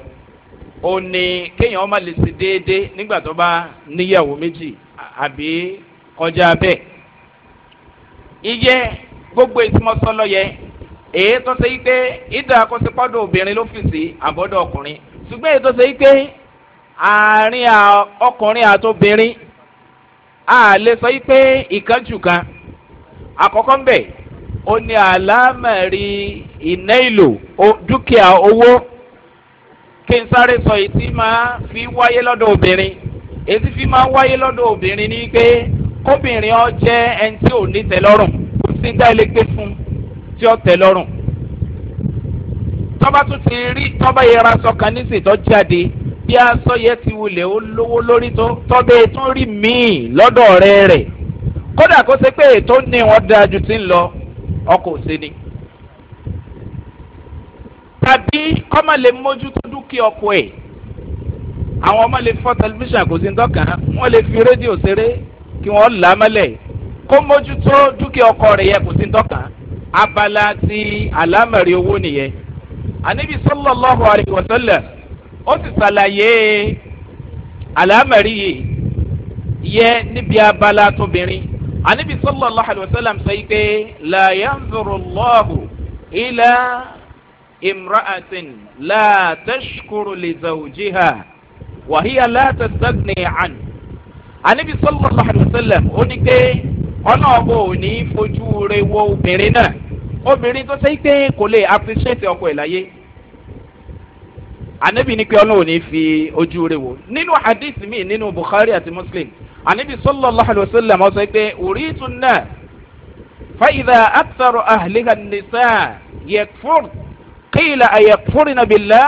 ó ní kéèyàn má lè ṣe déédéé nígbà tó bá níyàwó méjì àbí kọjá iye gbogbo ìsúnmọ́sọ́lọ́ yẹ èyí tó ṣe pé ìdá akọ́sípọ́dọ̀ obìnrin ló fìsì ọkùnrin ṣùgbọ́n èyí tó ṣe pé àárín ọkùnrin àtobìnrin a lè sọ pé ìkánjú kan àkọ́kọ́ ń o ní àlámẹ̀rí iná ìlò dúkìá owó kí n sáré sọ fi wáyé lọ́dọ̀ obìnrin fi máa wáyé lọ́dọ̀ obìnrin ni pé ọ jẹ́ ẹni tí ò ní tẹ kò sí dá ilé fún tí ó bí asọ́yẹ ti wulẹ̀ ó lówó lórí tó tọ́bẹ̀ tó rí míì lọ́dọ̀ ọ̀rẹ́ rẹ̀ kódà kó ṣe pé ètò ní wọn dáa ju ti ń lọ ọkọ̀ òsè ni. tàbí kọ́mọ lè mójútó dúkìá ọkọ̀ ẹ̀ àwọn ọmọ lè fọ́ tẹlifíṣàn kò sí ń dọ́kàn wọ́n lè fi rédíò ṣeré kí wọ́n là á mọ́lẹ̀ kó mójútó dúkìá ọkọ̀ rẹ̀ yẹ kò sí ń abala ti àlámẹ̀rẹ̀ owó nìyẹn. àníbi sọ́lọ́lọ́hùn àríwọ̀sọ́lẹ̀ ó sì ṣàlàyé àlámẹ̀rí yìí yẹ níbi abala tóbìnrin anibi sallallahu alayhi wa sallam sọ yìí pé làyànzoro lọ́hù ilà imra'atin la tashkuru li zawjiha wàhíyà la tasagni can anibi sallallahu alayhi wa sallam ó ní pé ọ̀nà ọ̀bọ̀ ò ní fojú rẹ̀ wo obìnrin náà obìnrin tó sẹ́yìn pé kò lè appreciate ọkọ̀ anabi ni pé ọlọ́run ní fi ojú rẹ wò nínú hadith mi nínú bukhari àti muslim anabi sallallahu alaihi wa sallam ọsọ pé orí tún náà fàyidà àtàrọ àhìlíhà nìsá yẹkfur kíìlà àyẹkfurina bìlá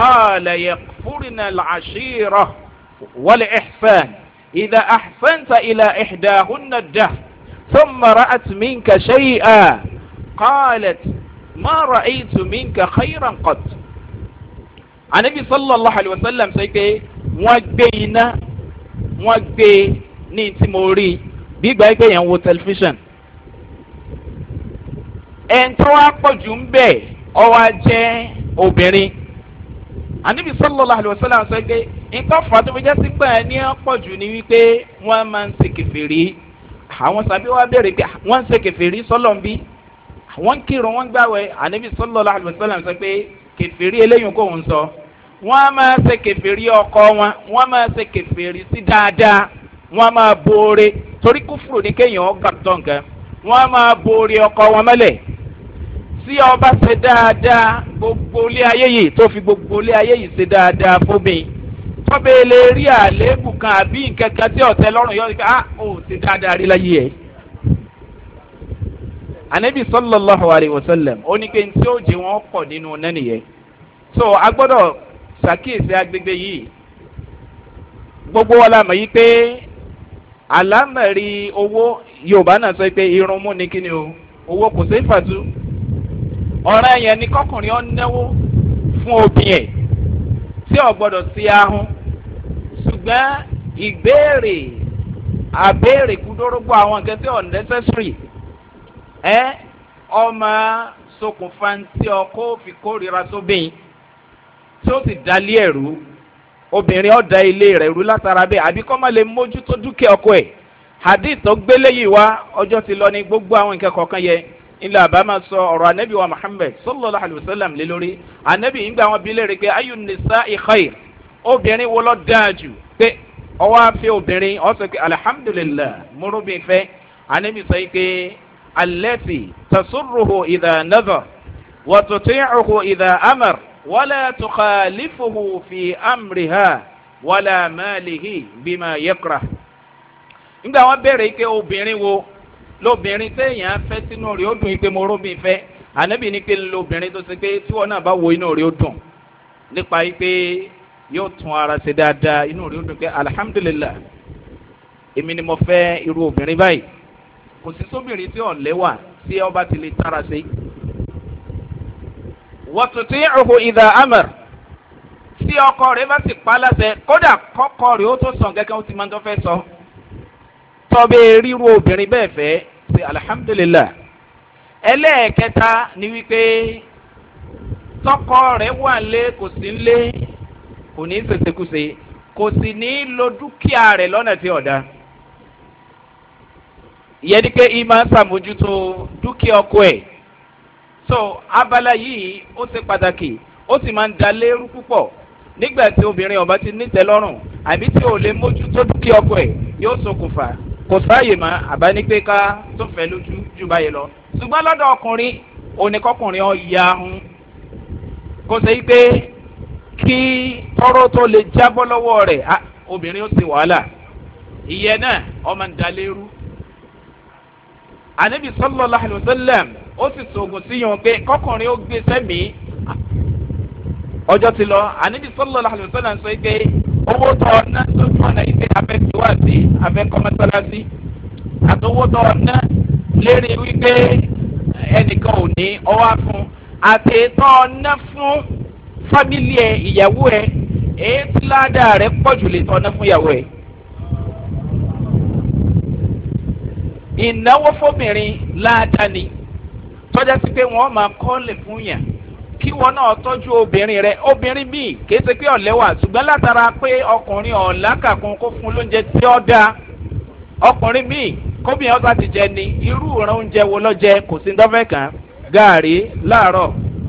kààlà yẹkfurina làṣírọ wàlẹ ẹxfàn ìdá àxfàǹtà ìlà ìxdàhùnà dà ثم رأت منك شيئا قالت ما رأيت منك خيرا قط anabi sallallahu alayhi wa sallam sọ pé wọ́n gbé iná wọ́n gbé ní tí mo rí bí ìgbà yẹn pé yẹn wo tẹlifíṣàn ẹ̀ńtọ́ wa pọ̀ jù ń bẹ̀ ọwọ́ jẹ́ obìnrin anabi sallallahu alayhi wa sallam sọ pé nǹkan fà sí pé ẹ̀ ní ni wípé wọ́n máa ń se kẹfìrí àwọn sàbí wa béèrè pé wọ́n ń se kẹfìrí sọ́lọ̀ wọ́n kírun wọ́n ń anabi sallallahu alayhi wa sallam sọ pé kẹfìrí eléyìí kò ń sọ. So wọ́n a máa ṣe kẹfẹ́rí ọkọ wọn wọ́n a máa ṣe kẹfẹ́rí sí dáadáa wọ́n á máa boore torí kúfùrù ní kéèyàn ọgàtọ̀ nǹkan wọ́n ma máa boore ọkọ wọn mẹ́lẹ̀ tí ọba ṣe dáadáa gbogbo ilé ayé yìí tó fi gbogbo ilé ayé yìí ṣe dáadáa fún mi tọ́bẹ̀ lè rí àléébù kan àbí tí lọ́rùn yọ ah, ṣe dáadáa rí láyé ẹ̀. anabi ó wọn nínú a ṣàkíyèsí agbègbè yìí gbogbo wa yi yìí pé àlámẹ̀rí owó yorùbá náà sọ pé irun mú ni kíni o owó kò sí fàtú ọ̀rọ̀ ẹ̀yẹn ni fún tí ò gbọ́dọ̀ sí ahun ṣùgbọ́n ìbéèrè àbéèrè kúndórógbó àwọn nǹkan tí necessary ẹ tí fi kórira tí ó sì dalí ẹ̀rú obìnrin ọ̀dà ilé rẹ̀ rú látara bẹ́ẹ̀ àbí kọ́ má lè mójútó dúkìá ọkọ ẹ̀ hadith tó gbélé yìí wá ọjọ́ ti lọ ní gbogbo àwọn nǹkan kọ̀ọ̀kan yẹn ilẹ̀ àbámá sọ ọ̀rọ̀ anabi wa muhammed sallallahu alayhi wa sallam lé lórí anabi yìí gba àwọn bílẹ̀ rẹ̀ pé ayu nisa ikhayi obìnrin wo lọ dáa jù pé ọwọ́ afẹ́ obìnrin ọ̀sẹ̀ pé alihamudulilayi múrúbìn fẹ́ anabi sọ yìí pé alẹ́sì tasurruhu ìdá nazar wàtútù ìhùhù ìdá amar ولا تخالفه في أمرها ولا ماله بما يكره nígbà wọn bẹ̀rẹ̀ ike obìnrin wo lóbìnrin téèyàn fẹ́ sínú rẹ̀ ó dùn ike mo róbìn fẹ́ ànábì ní pé lóbìnrin tó ṣe pé tí wọn náà bá wo inú rẹ̀ ó dùn nípa pé yóò tún ara ṣe dáadáa inú rẹ̀ ó dùn pé alihamudulilayi ni mo fẹ́ irú obìnrin báyìí kò sí sóbìnrin tí ò lẹ́wà tí ọba ti lè tára ṣe wọ́tútù ìhùhù ìdá amẹ̀r tí ọkọ rẹ̀ bá sì pa láṣẹ kódà kọ́kọ́ rẹ̀ ó tó sàn gẹ́gẹ́ ó ti máa ń tọ́fẹ́ sọ tọ́bẹ̀ ríru obìnrin bẹ́ẹ̀ fẹ́ ṣe alihamudulilayi ẹlẹ́ẹ̀kẹta ni wípé tọkọ rẹ̀ wà lé kò sí lé kò ní ṣèṣekúṣe kò sì ní lo dúkìá rẹ̀ lọ́nà tí ọ̀dà yẹ́nìkẹ́ ìmọ̀ ṣàmójútó dúkìá ọkọ ẹ̀ so abala yìí ó ṣe pàtàkì ó sì máa ń da léru púpọ̀ nígbà tí obìnrin ọba ti nítẹ̀lọ́rùn àbí tí ò lè mójútó kí ọkọ ẹ̀ yóò ṣokùnfà kò sáàyè mọ́ àbá ní pé ká tó fẹ́ lójú jù báyìí lọ ṣùgbọ́n lọ́dọ̀ ọkùnrin oníkọkùnrin ọ̀ya hun kò sẹ́yí pé kí tọ́rọ́ tó lè jábọ́ lọ́wọ́ rẹ̀ obìnrin ó ti wàhálà ìyẹn náà ọmọ ń da léru àníbi sọ́lọ́lá àlùsọ́lẹ̀mù ó sì sògùn sí yan pé kọkùnrin ó gbé sẹ́mi ọjọ́ ti lọ àníbi sọ́lọ́ làlùfẹ́ sọ́lá ń sọ pé owó tọ́ ọ̀nà tó tún ọ̀nà yìí pé abẹ́tiwáàsí abẹ́kọ́mọ́sálásí àtọwó tọ́ ọ̀nà lérí wípé ẹnìkan ò ní ọwá fún àti tọ́ ọ̀nà fún fámìlì ẹ ìyàwó ẹ èyí tí ládàá rẹ pọ̀jù lè tọ́ ọ̀nà fún ìyàwó ẹ. ìnáwó fóbìnrin láàdá ni. tọ́já sí pé wọ́n máa fún yàn kí wọn náà tọ́jú obìnrin rẹ obìnrin míì kì í ṣe pé ọ̀lẹ́wà ṣùgbọ́n látara pé ọkùnrin ọ̀làkàkùn kó fún lóúnjẹ tí ó dáa ọkùnrin míì kóbìnrin ọ̀sà ti jẹ ni irú oúnjẹ wo lọ́jẹ kò sí dọ́fẹ́ kan gaari láàárọ̀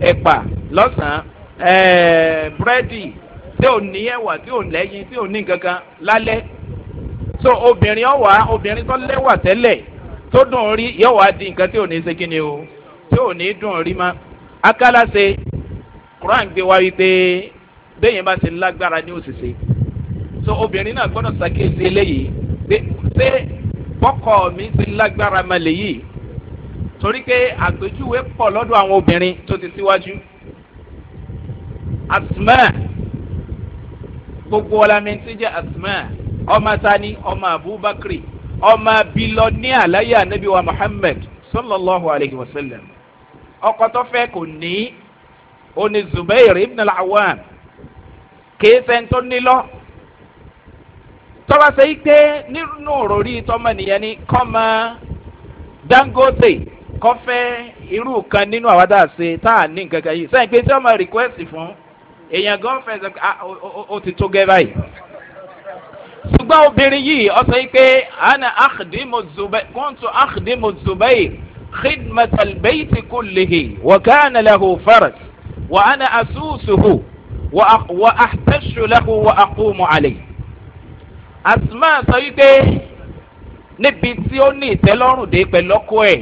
ẹ̀pà lọ́sàn-án búrẹ́dì tí ò ní ẹ̀wà tí ò lẹ́yìn tí ò ní lálẹ́ so obìnrin ọ̀wà obìnrin tó o. tí ò ní dùn rí ma akálà ṣe quran gbé wá wípé bẹ́yìn bá ṣe lágbára ní òṣìṣẹ́ so obìnrin náà gbọ́dọ̀ ṣàkíyèsí eléyìí pé ṣé bọ́kọ̀ mi ti lágbára ma lè yìí torí pé àgbéjúwe pọ̀ lọ́dọ̀ àwọn obìnrin tó ti síwájú asmá gbogbo ọlámẹ́ntì jẹ́ asmá ọmọ sani ọmọ abubakar ọmọ bilọ́níà láyé anabiwa muhammed sallallahu alayhi wa sallam ọkọ tó fẹ́ kò ní o ní zubair ibn al-awwam kìí sẹ́ni tó ní lọ tọ́ba ṣe yí pé nínú òròrí tọ́mọ nìyẹn ni kọ́mọ dangote kọ́fẹ́ irú kan nínú àwọn tá a ṣe tá a ní nǹkan kan yìí sẹ́yìn pé tí ọmọ request fún èèyàn gan fẹ́ sọ pé ah, ti tó gẹ́ báyìí ṣùgbọ́n obìnrin yìí ọ sọ yí pé ana akhdimu zubair kóńtù akhdimu zubair. خدمة البيت كله وكان له فرس وأنا أسوسه وأحتش له وأقوم عليه asma sọ wípé níbi tí ó ní ìtẹ́lọ́rùn dé pẹ̀lú ọkọ ẹ̀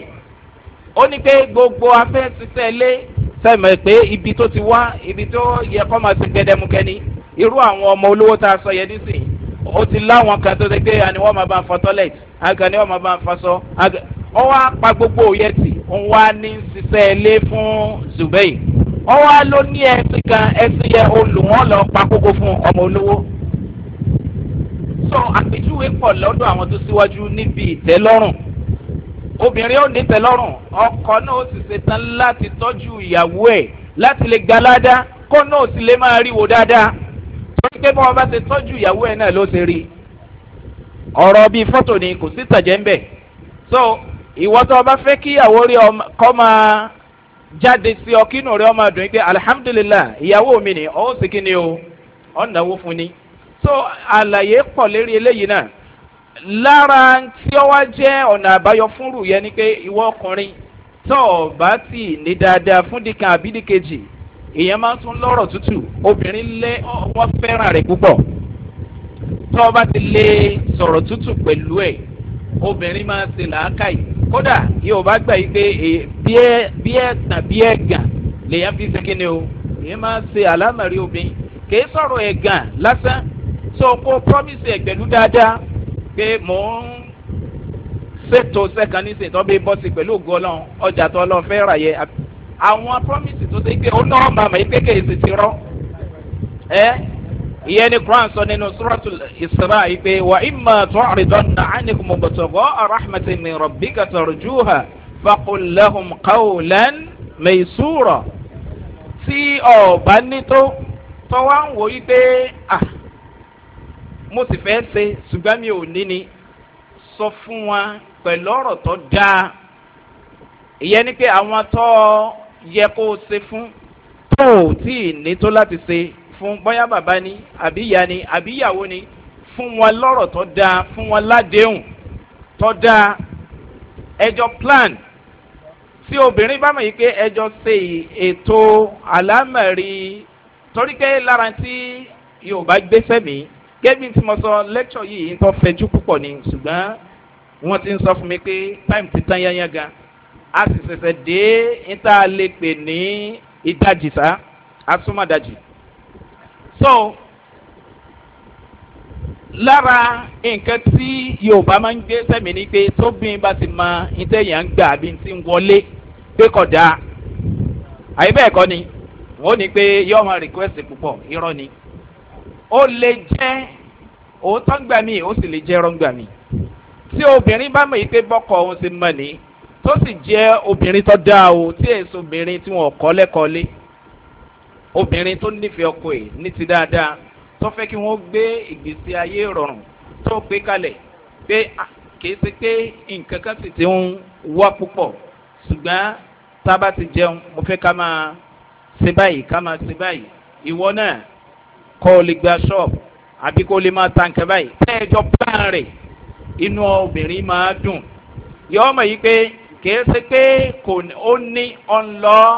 ó ní pé gbogbo afẹ́ ṣiṣẹ́ lé sẹ́mi pé ibi tó ti wá ibi tó yẹ kọ́ máa ti gẹ́dẹ́mukẹ́ni irú àwọn ọmọ olówó tá a sọ yẹn nísìnyí ó ti láwọn kan tó ti gbé àní wọ́n máa bá ń fọ tọ́lẹ̀tì àgàn ni wọ́n máa bá ń fọṣọ àgàn ọ wá pa gbogbo òye tì ń wá ní ṣiṣẹ́ ilé fún zubair ọ wá ló ní ẹsìn kan ẹsìn yẹn olùwọ́n lọ pa kókó fún ọmọ olówó. sọ àpèjúwe pọ̀ lọ́dọ̀ àwọn tó síwájú níbi ìtẹ́lọ́rùn obìnrin ò ní tẹ́lọ́rùn ọkọ náà ó sì ṣetán láti tọ́jú ìyàwó ẹ̀ láti lè gbalada kó náà sì lè máa ríwo dáadáa torí pé bọ́n bá ṣe tọ́jú ìyàwó ẹ̀ náà ló ṣe rí ọ̀rọ̀ bíi fọ́tò ni kò sí tàjẹ́ ń bẹ̀ so ìwọ tó o bá fẹ́ kíyàwó rí ọ kọ́ máa jáde sí ọ kínú rẹ ọmọ àdùn yìí pé alihamudulilayi ìyàwó mi ni ọ̀hún sì kíni o ọ̀nàwó fún ni. so àlàyé pọ̀ lérí eléyìí náà lára tí ọ wá jẹ́ ọ̀nà àbáyọ fúnrù yẹn ni pé ìwọ ọkùnrin tó o bá tì ní dáadáa fún dìkan àbí dìkejì èèyàn máa tún lọ́rọ̀ tútù obìnrin lé wọ́n fẹ́ràn rẹ̀ púpọ̀ tó o bá ti lè sọ̀rọ̀ tútù pẹ̀lú ẹ̀ obìnrin máa ń làákàyè kódà yorùbá gbà yí pé bí ẹ̀tàn bí ẹ̀gàn lèyàn fi ṣe kíni o èyí máa ń ṣe àlámàrí obìnrin kìí sọ̀rọ̀ ẹ̀gàn lásán tó kó promise ẹ̀gbẹ̀lú dáadáa pé mò ń ṣètò sẹ́kàn ní ṣètò bí bọ́sì pẹ̀lú ògùn ọlọ́run ọjà tó ọlọ́run fẹ́ rà yẹ àwọn promise tó ṣe pé ó náà màmá yí pé kìí ṣe ti rọ́ ẹ́ ìyẹn ni quran sọ nínú suratul isra ipe wa ima tuɣridan na anigun mubatogo arahmati min rabbika tarjuha fakulahum qawlan meysura tí ọba nító tọ́wá ń wò wípé ah mo sì fẹ́ ṣe ṣùgbọ́n mi ò ní ni sọ fún wa pẹ̀lú ọ̀rọ̀ tó dáa ìyẹn ni pé àwọn tó yẹ kó o ṣe fún tó o tí ì ní tó láti ṣe fún bóyá bàbá ni àbí ìyá ni àbí ìyàwó ni fún wọn lọ́rọ̀ tó dáa fún wọn ládéhùn tó dáa ẹjọ́ plan tí obìnrin bá mọ̀ yìí pé ẹjọ́ ṣe ètò àlámẹ̀rí torí pé lára tí yorùbá gbé sẹ́mi gẹ́gbí tí mo sọ lẹ́kṣọ̀ yìí ń tọ́ fẹjú púpọ̀ ni ṣùgbọ́n wọ́n ti ń sọ fún mi pé táìmù ti tán yányán gan a sì ṣẹ̀ṣẹ̀ dé níta lè pè ní ìdajì sá asúmọ̀dajì so lára nǹkan tí yorùbá máa ń gbé sẹ́mi ni pé tóbìn bá ti mọ ìtẹ̀yàn ń gbà bí ti ń wọlé pé kọ̀dá àyè bẹ́ẹ̀ kọ́ ni wọ́n ní pé yóò máa request púpọ̀ irọ́ ni ó lè jẹ́ òótọ́ ń gbà mí ó sì lè jẹ́ ẹ̀rọ ń gbà mí tí obìnrin bá mọ̀ yìí pé bọ́kọ̀ òun ti mọ̀ ní tó sì jẹ́ obìnrin tó dáa o tí èso obìnrin tí wọ́n kọ́ lẹ́kọ̀ọ́ lé obìnrin tó nífẹ̀ẹ́ ọkọ ẹ̀ ní ti dáadáa tó fẹ́ kí wọ́n gbé ìgbésí ayé rọrùn tó gbé kalẹ̀ pé kìí ṣe pé nǹkan kan sì ti ń wá púpọ̀ ṣùgbọ́n tá a bá ti jẹun mo fẹ́ ká máa ṣe báyìí ká máa ṣe báyìí ìwọ náà kọ́ ọ lè gba ṣọ́ọ̀bù àbí kó lè máa ta nǹkan báyìí tẹ́ẹ̀jọ́ plan rẹ̀ inú obìnrin máa dùn yọ ọmọ yìí pé kìí ṣe pé kò ní ó ní ọ̀nlọ́ọ̀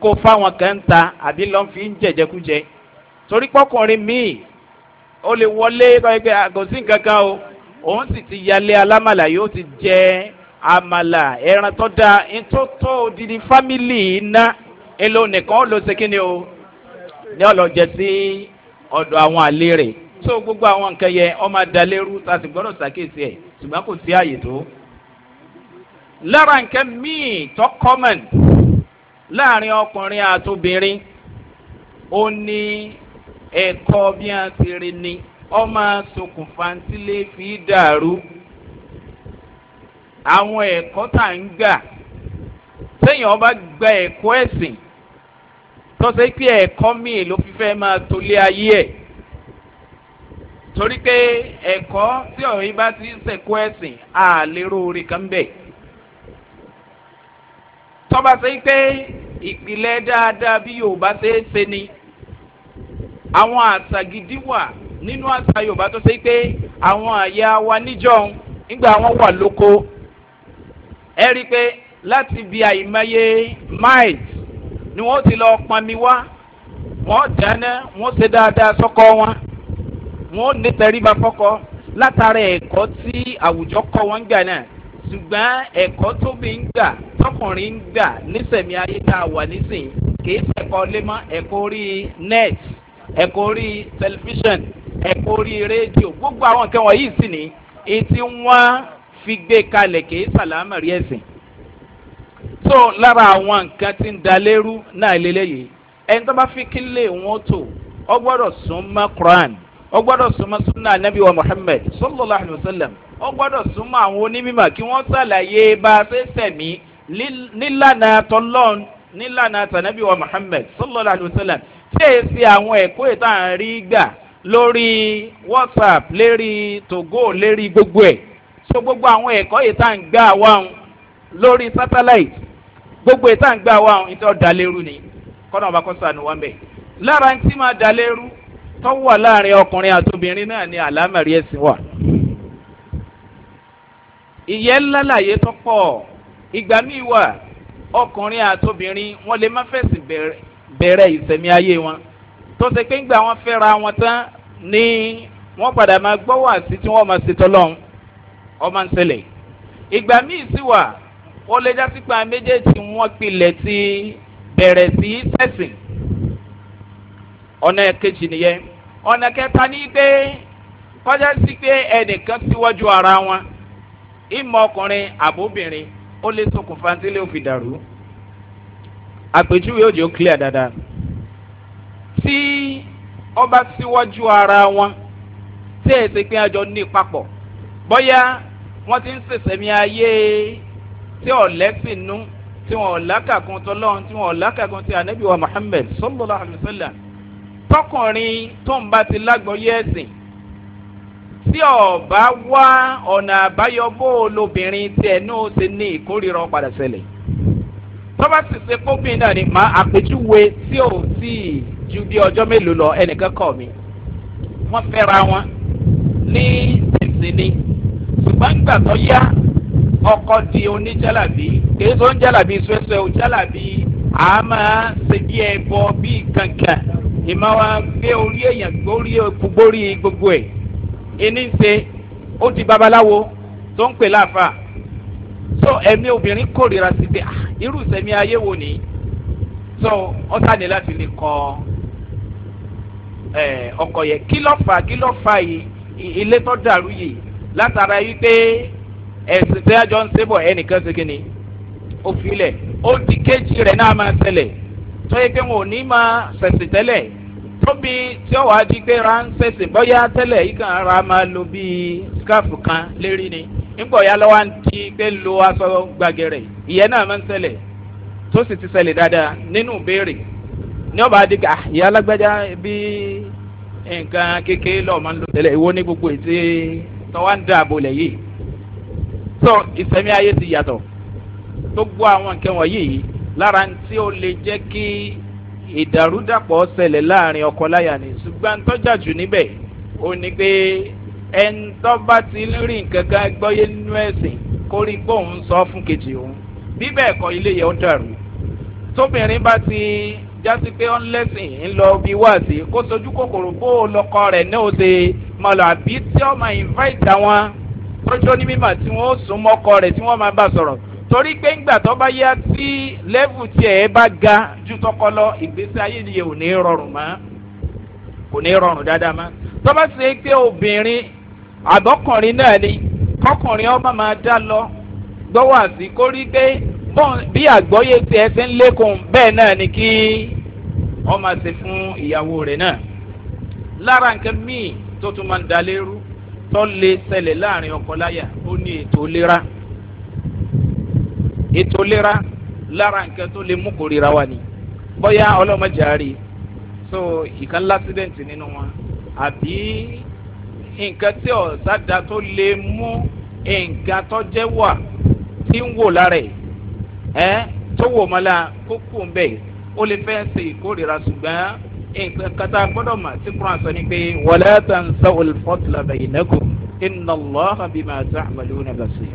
kó fáwọn kan ta àbí lọ́n fi ń jẹ̀jẹ̀kújẹ torí pọ́kùnrin míì ó lè wọlé pé kò sí o òun sì ti yalé alámàlà yóò ti jẹ àmàlà ẹran tó dáa ntótó odidi fámìlì iná èlò nìkan ó lọ sí o ní ọlọ́jẹ sí ọ̀dọ̀ àwọn àlè rẹ̀ gbogbo àwọn nǹkan yẹn tá a sì gbọ́dọ̀ ẹ̀ ṣùgbọ́n kò sí àyè tó. lára nǹkan míì tó láàrin ọkùnrin àtòbìnrin ó ní ẹ̀kọ́ bí a ti rí ni ọmọ ṣokùnfà ntílé fi dàrú àwọn ẹ̀kọ́ tá ń gbà sẹ́yìn ọba gba ẹ̀kọ́ ẹ̀sìn tọ́sẹ̀ pé ẹ̀kọ́ míì ló fi fẹ́ máa tolé ayé ẹ̀ torí pé ẹ̀kọ́ tí ọ̀rẹ́ bá ti ń sẹ̀kọ́ ẹ̀sìn àlérò orí kan bẹ́ẹ̀ tọ́ba ṣe pé ìpìlẹ̀ dáadáa bí yorùbá ṣe é ṣe ni àwọn àṣà gidi wà nínú àṣà yorùbá tó ṣe pé àwọn àyà wa níjọ́un nígbà wọn wà lóko ẹ rí i pé láti bi àìmọye miles ni wọ́n ti lọ pọnmi wá wọ́n dáná wọ́n ṣe dáadáa sọ́kọ wọn wọ́n ní tẹríba fọ́kọ látara ẹ̀kọ́ tí àwùjọ kọ́ wọn gbà náà ṣùgbọ́n ẹ̀kọ́ tóbi ń gbà tọkùnrin ń gbà nísẹ̀mí ayé tá a wà nísìnyí kìí sẹ̀kọ́ lé mọ́ ẹ̀kọ́ orí net ẹ̀kọ́ orí tẹlifíṣàn ẹ̀kọ́ orí rédíò gbogbo àwọn nǹkan wọ̀nyí sì ni etí wọ́n fi gbé kalẹ̀ kìí sàlámà rí ẹ̀sìn. tó lára àwọn nǹkan ti ń da lérú náà lélẹ́yìí ẹni tó bá fi kílè wọn tó ọ gbọ́dọ̀ sún mọ́ quran ọ gbọ́dọ̀ sún mọ́ sunna anabi wa muhammed sallallahu alayhi wa sallam ọ gbọ́dọ̀ sún mọ́ àwọn onímọ̀ kí wọ́n sàlàyé bá a fẹ́ sẹ̀mí nílànà tọlọ́n nílànà tànàbí wa muhammed sallallahu alayhi wa sallam tí èyí sí àwọn ẹ̀kọ́ ìta à ń rí gbà lórí whatsapp lérí togo lérí gbogbo ẹ̀ so gbogbo àwọn ẹ̀kọ́ ìta à ń lórí satellite gbogbo ìta à ń gbà wá ni kọ́nà ọba kọ́sà ni wọ́n bẹ̀ lára ń tí máa dalérú tọ́wọ́ láàrin ọkùnrin àti obìnrin náà ni àlámẹ̀rí ẹ̀sìn wà ìyẹn ńlá làyè tó ìgbà míì wà ọkùnrin àtobìnrin wọn lè má fẹ̀sìn bẹ̀rẹ̀ ìsẹ̀mí ayé wọn tó ṣe pé ńgbà wọn fẹ́ra wọn tán ni wọn padà máa gbọ́ wà sí tí wọ́n máa ṣètò lọ́hùn ọmọ ń ṣẹlẹ̀ ìgbà míì sì wà ó lè jásí pé méjèèjì wọn pilẹ̀ ti bẹ̀rẹ̀ sí sẹ̀sìn ọ̀nà kejì nìyẹn ọ̀nà kẹta ní pé kọjá sí pé ẹnìkan síwájú ara wọn ìmọ̀ ọkùnrin àbóbìnrin ó lè ṣokùnfà tí lè fi dàrú àpèjúwe òjò clear dáadáa tí ọba síwájú ara wọn tí ẹ ti pín àjọ ní papọ̀ bóyá wọ́n ti ń sèsèmí ayé tí ọ̀lẹ́sìn nú tí wọn ò lákàkún tọlọ́run tí wọn ò lákàkún ti ànábìwá muhammed sallallahu alayhi wa sallam tọkùnrin tó ń bá ti lágbọ́yé ẹ̀sìn tí ọba wá ọ̀nà àbáyọ bó o lobìnrin tiẹ̀ náà ṣe ní ìkórìíra padà ṣẹlẹ̀ tọ́ba sì ṣe kóbìn náà ni màá àpèjúwe tí ò tí ì ju bí ọjọ́ mélòó lọ ẹnìkan kọ̀ mi wọ́n fẹ́ra wọn ní ìsinmi ṣùgbọ́n gbà tó yá ọkọ di oníjàlábí kìí sọ oníjàlábí ṣẹṣẹ oníjàlábí a máa ṣe bí ẹbọ bíi kankan ìmọ̀ wa gbé orí èèyàn gbórí gbogbo ẹ̀ ẹni ń ṣe ó di babaláwo tó ń pè láàfà so ẹ̀mí obìnrin kórìíra sí pé ah, irú ìsẹ̀mí ayé wo nìyí so ọ̀tá ni láti lè kọ ọkọ̀ yẹn kí ló fà kí ló fà yìí ilé tó dàrú yìí látara yìí pé ẹ̀sìn tí ajọ́ ń sébọ̀ ẹnìkan ṣe kínní ó filẹ̀ ó di kéjì rẹ̀ náà máa ṣẹlẹ̀ tó yẹ pé wọn ò ní máa ṣẹ̀sìn tẹ́lẹ̀ tóbi tí ó wàá di pé ránṣẹ́ sí bóyá tẹ́lẹ̀ yìí kan ara máa lo bíi skáfù kan lérí ni nígbà ọ̀yá lọ́wọ́ ti pé lo aṣọ gbàgẹ̀rẹ̀ ìyẹn náà máa ń ṣẹlẹ̀ tó sì ti ṣẹlẹ̀ dáadáa nínú ìbéèrè ní ọba adigun ah, ìyá alágbájá bí nǹkan kékeré lọ́ọ̀ máa ń lo tẹ́lẹ̀ ìwọ ní gbogbo ètè tọ́wá ń dáàbò lẹ̀ yìí so ìsẹ̀mí ayé ti yàtọ̀ tó gbọ́ àwọn nǹkan wọ̀nyí lára tí ó lè jẹ́ kí ìdàrúdàpọ̀ ṣẹlẹ̀ láàrin ọkọ láyà ni ṣùgbọ́n tọ́jà jù níbẹ̀ ó ní pé ẹni tó bá ti rí nǹkan kan gbọ́yé nínú ẹ̀sìn kó rí pé òun sọ fún kejì òun bíbẹ̀ ẹ̀kọ́ ilé yẹn ó dàrú tóbìnrin bá ti jásí pé ó ń lẹ́sìn ń lọ bí wáàsí kó sojú kòkòrò bó o lọkọ rẹ̀ náà ó ṣe lọ àbí tí ó máa invite àwọn tọ́jú onímọ̀ tí wọ́n ó sún mọ́kọ rẹ̀ tí wọ́n máa bá sọ̀rọ̀ torí pé ńgbà tó bá yá tí lẹ́fù tiẹ̀ ẹ bá ga ju tọkọ lọ ìgbésí ayé nìyẹn ò ní rọrùn mọ́ kò ní rọrùn dáadáa mọ́ tó bá ṣe pé obìnrin àbọ̀kùnrin náà ni kọkùnrin ọba máa dá lọ gbọ́wọ́ àti kó rí pé bí àgbọ́yé tiẹ̀ ṣe ń lékun bẹ́ẹ̀ náà ni kí wọ́n máa ṣe fún ìyàwó rẹ̀ náà lára nǹkan míì tó tún máa ń dalérú tó lè ṣẹlẹ̀ láàrin ọkọ láyà ó ní ètò ìlera ètò ìlera lára nǹkan tó lè mú kórira wa ni bóyá ọlọ́mọdé so ìkan lásìdẹ̀ǹtì nínú wọn àbí nǹkan tí ọ̀sádà tó lè mú nǹkan tó jẹ́ wà tí ń wò lára ẹ̀ ẹ́ tó wò mọ́lá kókó ń bẹ̀ ó lè fẹ́ ṣe ìkórira ṣùgbọ́n nǹkan kata gbọ́dọ̀ mà tí kúrò àṣọ ni pé wọlé tàn sáwọl fọ́tìlà bẹ̀yìn nẹ́kù iná lọ́ọ́ bí màá sàmàlú nàbàṣẹ́.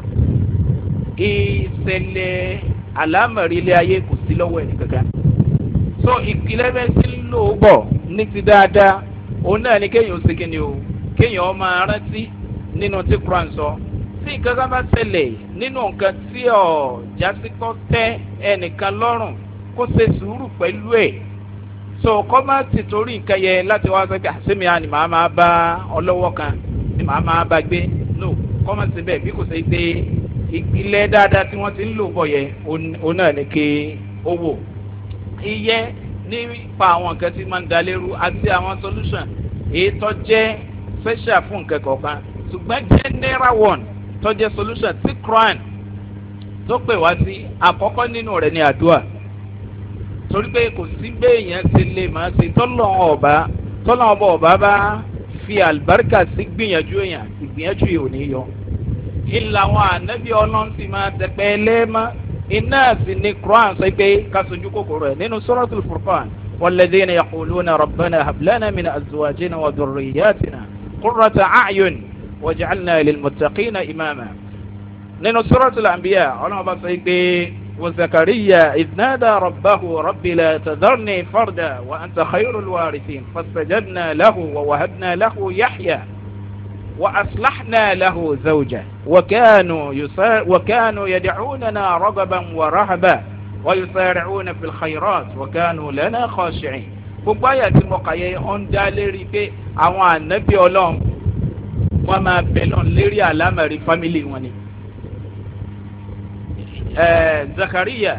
ìṣẹ̀lẹ̀ àlámọ̀rí ilé ayé kò sí lọ́wọ́ ẹ̀ kankan. so ìpìlẹ̀ bẹ́ẹ̀ sí ló bọ̀ ní ti dáadáa òun náà ni kéèyàn ṣe kí o kéèyàn máa rántí nínú tí quran sọ tí nǹkan kan bá ṣẹlẹ̀ nínú nǹkan tí ọ̀ jásítọ́ tẹ́ ẹnìkan lọ́rùn kó ṣe sùúrù pẹ̀lú ẹ̀ so kọ́ má ti torí nǹkan yẹn láti wá sọ pé àṣemí ah, àni màá máa bá ọlọ́wọ́ kan ni màá máa bá gbé no kọ́ má ti bẹ́ẹ̀ bí kò ṣe gbé ìpìlẹ̀ dáadáa tí wọ́n ti ń lò bọ̀ yẹn òun náà ní kí ó iyẹ nípa àwọn nǹkan tí máa ń da lérú àti àwọn solution èyí tó jẹ́ special fún nǹkan kọ̀ọ̀kan ṣùgbọ́n general one tó solution tí crown tó pè wá sí àkọ́kọ́ nínú rẹ̀ ní àdúrà torí pé kò sí béèyàn ti lè máa ṣe tọ́lọ̀ ọ̀bá tọ́lọ̀ ọba ọ̀bá bá fi àlùbáríkà sí gbìyànjú èèyàn ìgbìyànjú yìí ò ní yọ. إلا àwọn ànábì ọlọ́run ti máa tẹ̀pẹ́ lẹ́ẹ̀mọ́ iná sì ni quran sọ والذين يقولون ربنا هب لنا من أزواجنا وذرياتنا قرة أعين واجعلنا للمتقين إماما نينو سورة الأنبياء ọlọ́run وزكريا إذ نادى ربه رب لا تذرني فردا وأنت خير الوارثين فاستجبنا له ووهبنا له يحيى وأصلحنا له زوجة وكانوا, يسار وكانوا يدعوننا رغبا ورهبا ويسارعون في الخيرات وكانوا لنا خاشعين gbogbo àyà tí mo kà yẹ ọ ń dá lérí pé àwọn ànábì ọlọ́run wọn máa bẹ̀ lọ́n lérí àlámẹ̀rí fámìlì wọn ni. zakariya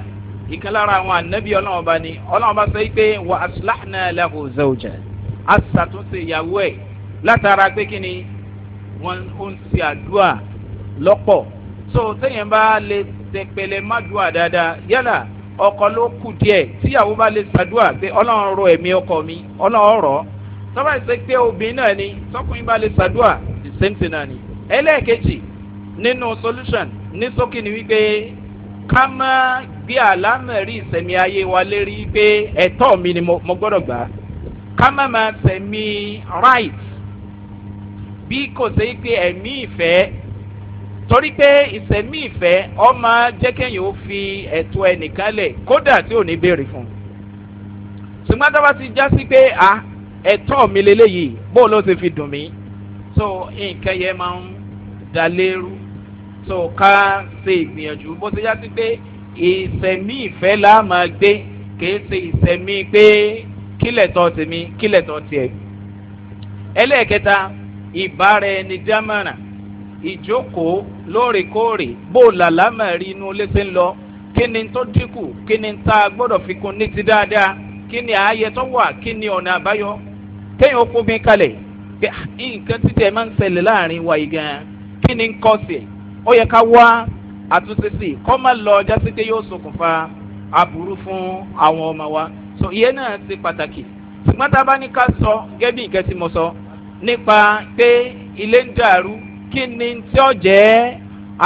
ìkan lára àwọn ànábì ọlọ́run ọba ni ọlọ́run bá sọ pé wà á náà lẹ́hùn zẹ́wùjẹ́ a ṣàtúnṣe ìyàwó ẹ̀ látara pé kí ni wọn ó ń ṣe àdúrà lọ́pọ̀ so téèyàn bá lè tẹpẹlẹ má dùà dáadáa yálà ọkọ ló kù díẹ̀ tíyàwó bá lè ṣàdúà pé ọlọ́run rọ ẹ̀mí ọkọ mi ọlọ́run rọ̀ tọ́ba ṣe pé obìnrin náà ni tọkùnrin bá lè ṣàdúà the same thing náà ni ẹlẹ́ẹ̀kejì nínú solution ní sókè ni wípé ká má gbé àlámẹ̀rí ìsẹ̀mí ayé wa lérí pé ẹ̀tọ́ mi ni mo gbọ́dọ̀ gbà á ká má máa sẹ̀mí right bí kò sí pé ẹ̀mí ìfẹ́ torí pé ìsẹ̀mí ìfẹ́ ọmọ jẹ́ kéèyàn ó fi ẹ̀tọ́ ẹnìkan lẹ̀ kódà tí ò ní béèrè fún un ṣùgbọ́n tó bá ti já sí pé a ẹ̀tọ́ mi lélẹ́yìí bó ló ti fi dùn mí so nǹkan yẹn máa ń da so ká ṣe ìgbìyànjú bó ti já sí pé ìsẹ̀mí ìfẹ́ là máa gbé kìí ṣe ìsẹ̀mí pé kílẹ̀ tọ́ tèmi kílẹ̀ tọ́ tiẹ̀ ẹlẹ́ẹ̀kẹta ìbára ẹni dámọ̀ràn ìjókòó lóòrèkóòrè bó làlámà rí inú létí ń lọ kí ni tó dínkù kí ni tá a gbọ́dọ̀ fi kun ní ti dáadáa kí ni ààyè tó wà kí ni ọ̀nà àbáyọ kéèyàn ó kóbi kalẹ̀ ah, nǹkan títẹ̀ máa ń ṣẹlẹ̀ láàrin wa gan kí ni ń kọ́ sí ẹ̀ ó yẹ ká wá àtúnṣe sí i kọ́ máa lọ jásí pé yóò ṣokùnfà aburú fún àwọn ọmọ wa so ìyẹn náà ṣe pàtàkì ṣùgbọ́n tá a bá ní ká sọ gẹ́bí nǹkan tí mo sọ nípa pé ilé ń dàrú kí ni tí ó jẹ́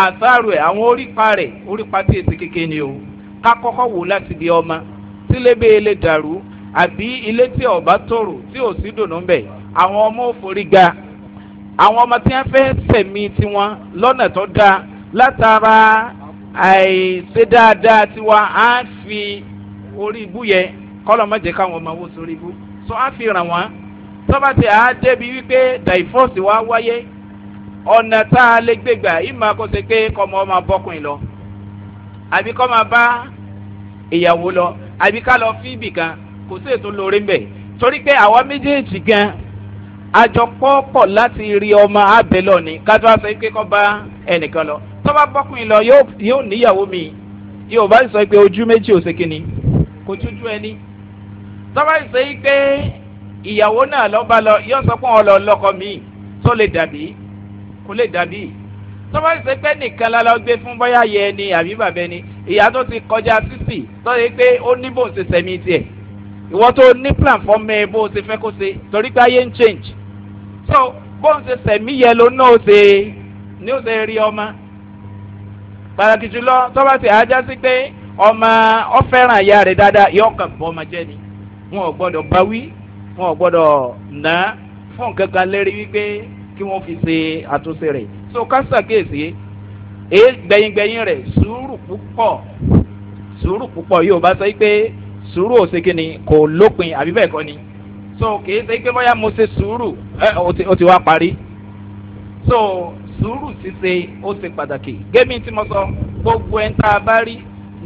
àtàrò ẹ̀ àwọn orípa rẹ̀ orípa tí èsì kékeré ni o ká kọ́kọ́ wò láti di ọmọ tílébé ilé dàrú àbí ilé tí ọba tòrò tí ò sí dùnú bẹ̀ àwọn ọmọ òfòrí ga àwọn ọmọ tí wọ́n fẹ́ sẹ̀mí tiwọn lọ́nà tó dáa látara àìṣe dáadáa tiwa á fi orí ibú yẹ kọ́lọ́ má káwọn ọmọ wò sórí ibú so á fi ràn wọ́n tọ́ba tí a débi wípé dàìfọ́ọ̀sì wa wáyé ọ̀nà tá a lè gbégbà ìmọ̀ kó ṣe pé kọ́mọ ọmọ bọ́kùnrin lọ àbí kọ́ máa bá ìyàwó lọ àbí ká lọ fi ibì kan kò sí ètò lórí mbẹ torí pé àwa méjèèjì gan àjọpọ̀pọ̀ láti rí ọmọ abẹ lọ ni ká tó a sọ pé kọ́ bá ẹnìkan lọ tó bọ́kùnrin lọ yóò níyàwó mi yóò bá sọ pé ojú méjì ò ṣe kínni kò tújú ẹni tó sọ pé ìyàwó náà lọ́ba lọ yọ sọ fún ọlọ lọkọ mi tó lè dàbí kó lè dàbí tọ́ba ṣe pé nìkan la lọ gbé fún bọ́yá yẹ ni àbí bàbá ẹni ìyá tó ti kọjá sísì tó yẹ pé ó ní bóun ṣe sẹ̀mí tiẹ̀ ìwọ́n tó ní plan fọ́ mẹ́ bóun ṣe fẹ́ kó ṣe torí pé ayé ń change so bóun ṣe sẹ̀mí yẹ ló náà ṣe ní ó ṣe rí ọmọ pàtàkì jùlọ tọ́ba ṣe ajá sí pé ọmọ ọ fẹ́ràn ìyá rẹ̀ dáadáa yọ ọkàn bọ́ ọmọ jẹ́ ni wọn ò gbọ́dọ̀ bá wọn ò gbọ́dọ̀ ná fún kankan lérí wípé kí wọ́n fi ṣe àtúnṣe rẹ̀ so ká ṣàkíyèsí èyí gbẹ̀yìngbẹ̀yìn rẹ̀ sùúrù púpọ̀ sùúrù púpọ̀ yóò bá sọ pé sùúrù ò ṣe kíni kò lópin àbí bẹ́ẹ̀ kọ́ ni so kìí ṣe pé bóyá mo ṣe sùúrù ẹ ó ti wá parí so sùúrù ṣíṣe ó ṣe pàtàkì gémi tí mo sọ gbogbo ẹ̀ ń tá a bá rí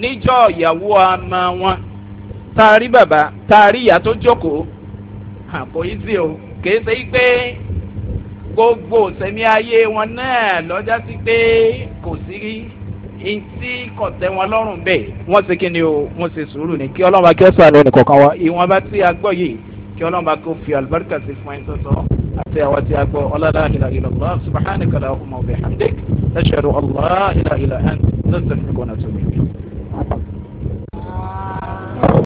níjọ́ ìyàwó àmà wọn tá a rí bàbá tá a rí ìyá tó jókòó kò í sí o kìí ṣe pé gbogbo sẹ́mi ayé wọn náà lọ́jà sí pé kò sí ntí kọ̀tẹ́ wọn lọ́rùn bẹ́ẹ̀ wọ́n ti kí ni o wọ́n ti sùúrù ni kí ọlọ́run bá kí ẹ sọ àlọ́ nìkọ̀ọ̀kan wa ìwọ̀n bá ti agbọ́ yìí kí ọlọ́run bá kó fi àlùbáríkà sí fún ẹ̀ sọ́sọ́ àti àwọn tí a gbọ́ ọlọ́lá ìlà ìlà ọ̀lá subahana kàlà ọkùnrin ọ̀bẹ hamdik ẹ̀ṣẹ̀rù ọ̀lá ìlà ìlà ẹ̀ ń tẹ̀sán ìgbọ̀nà tó mi.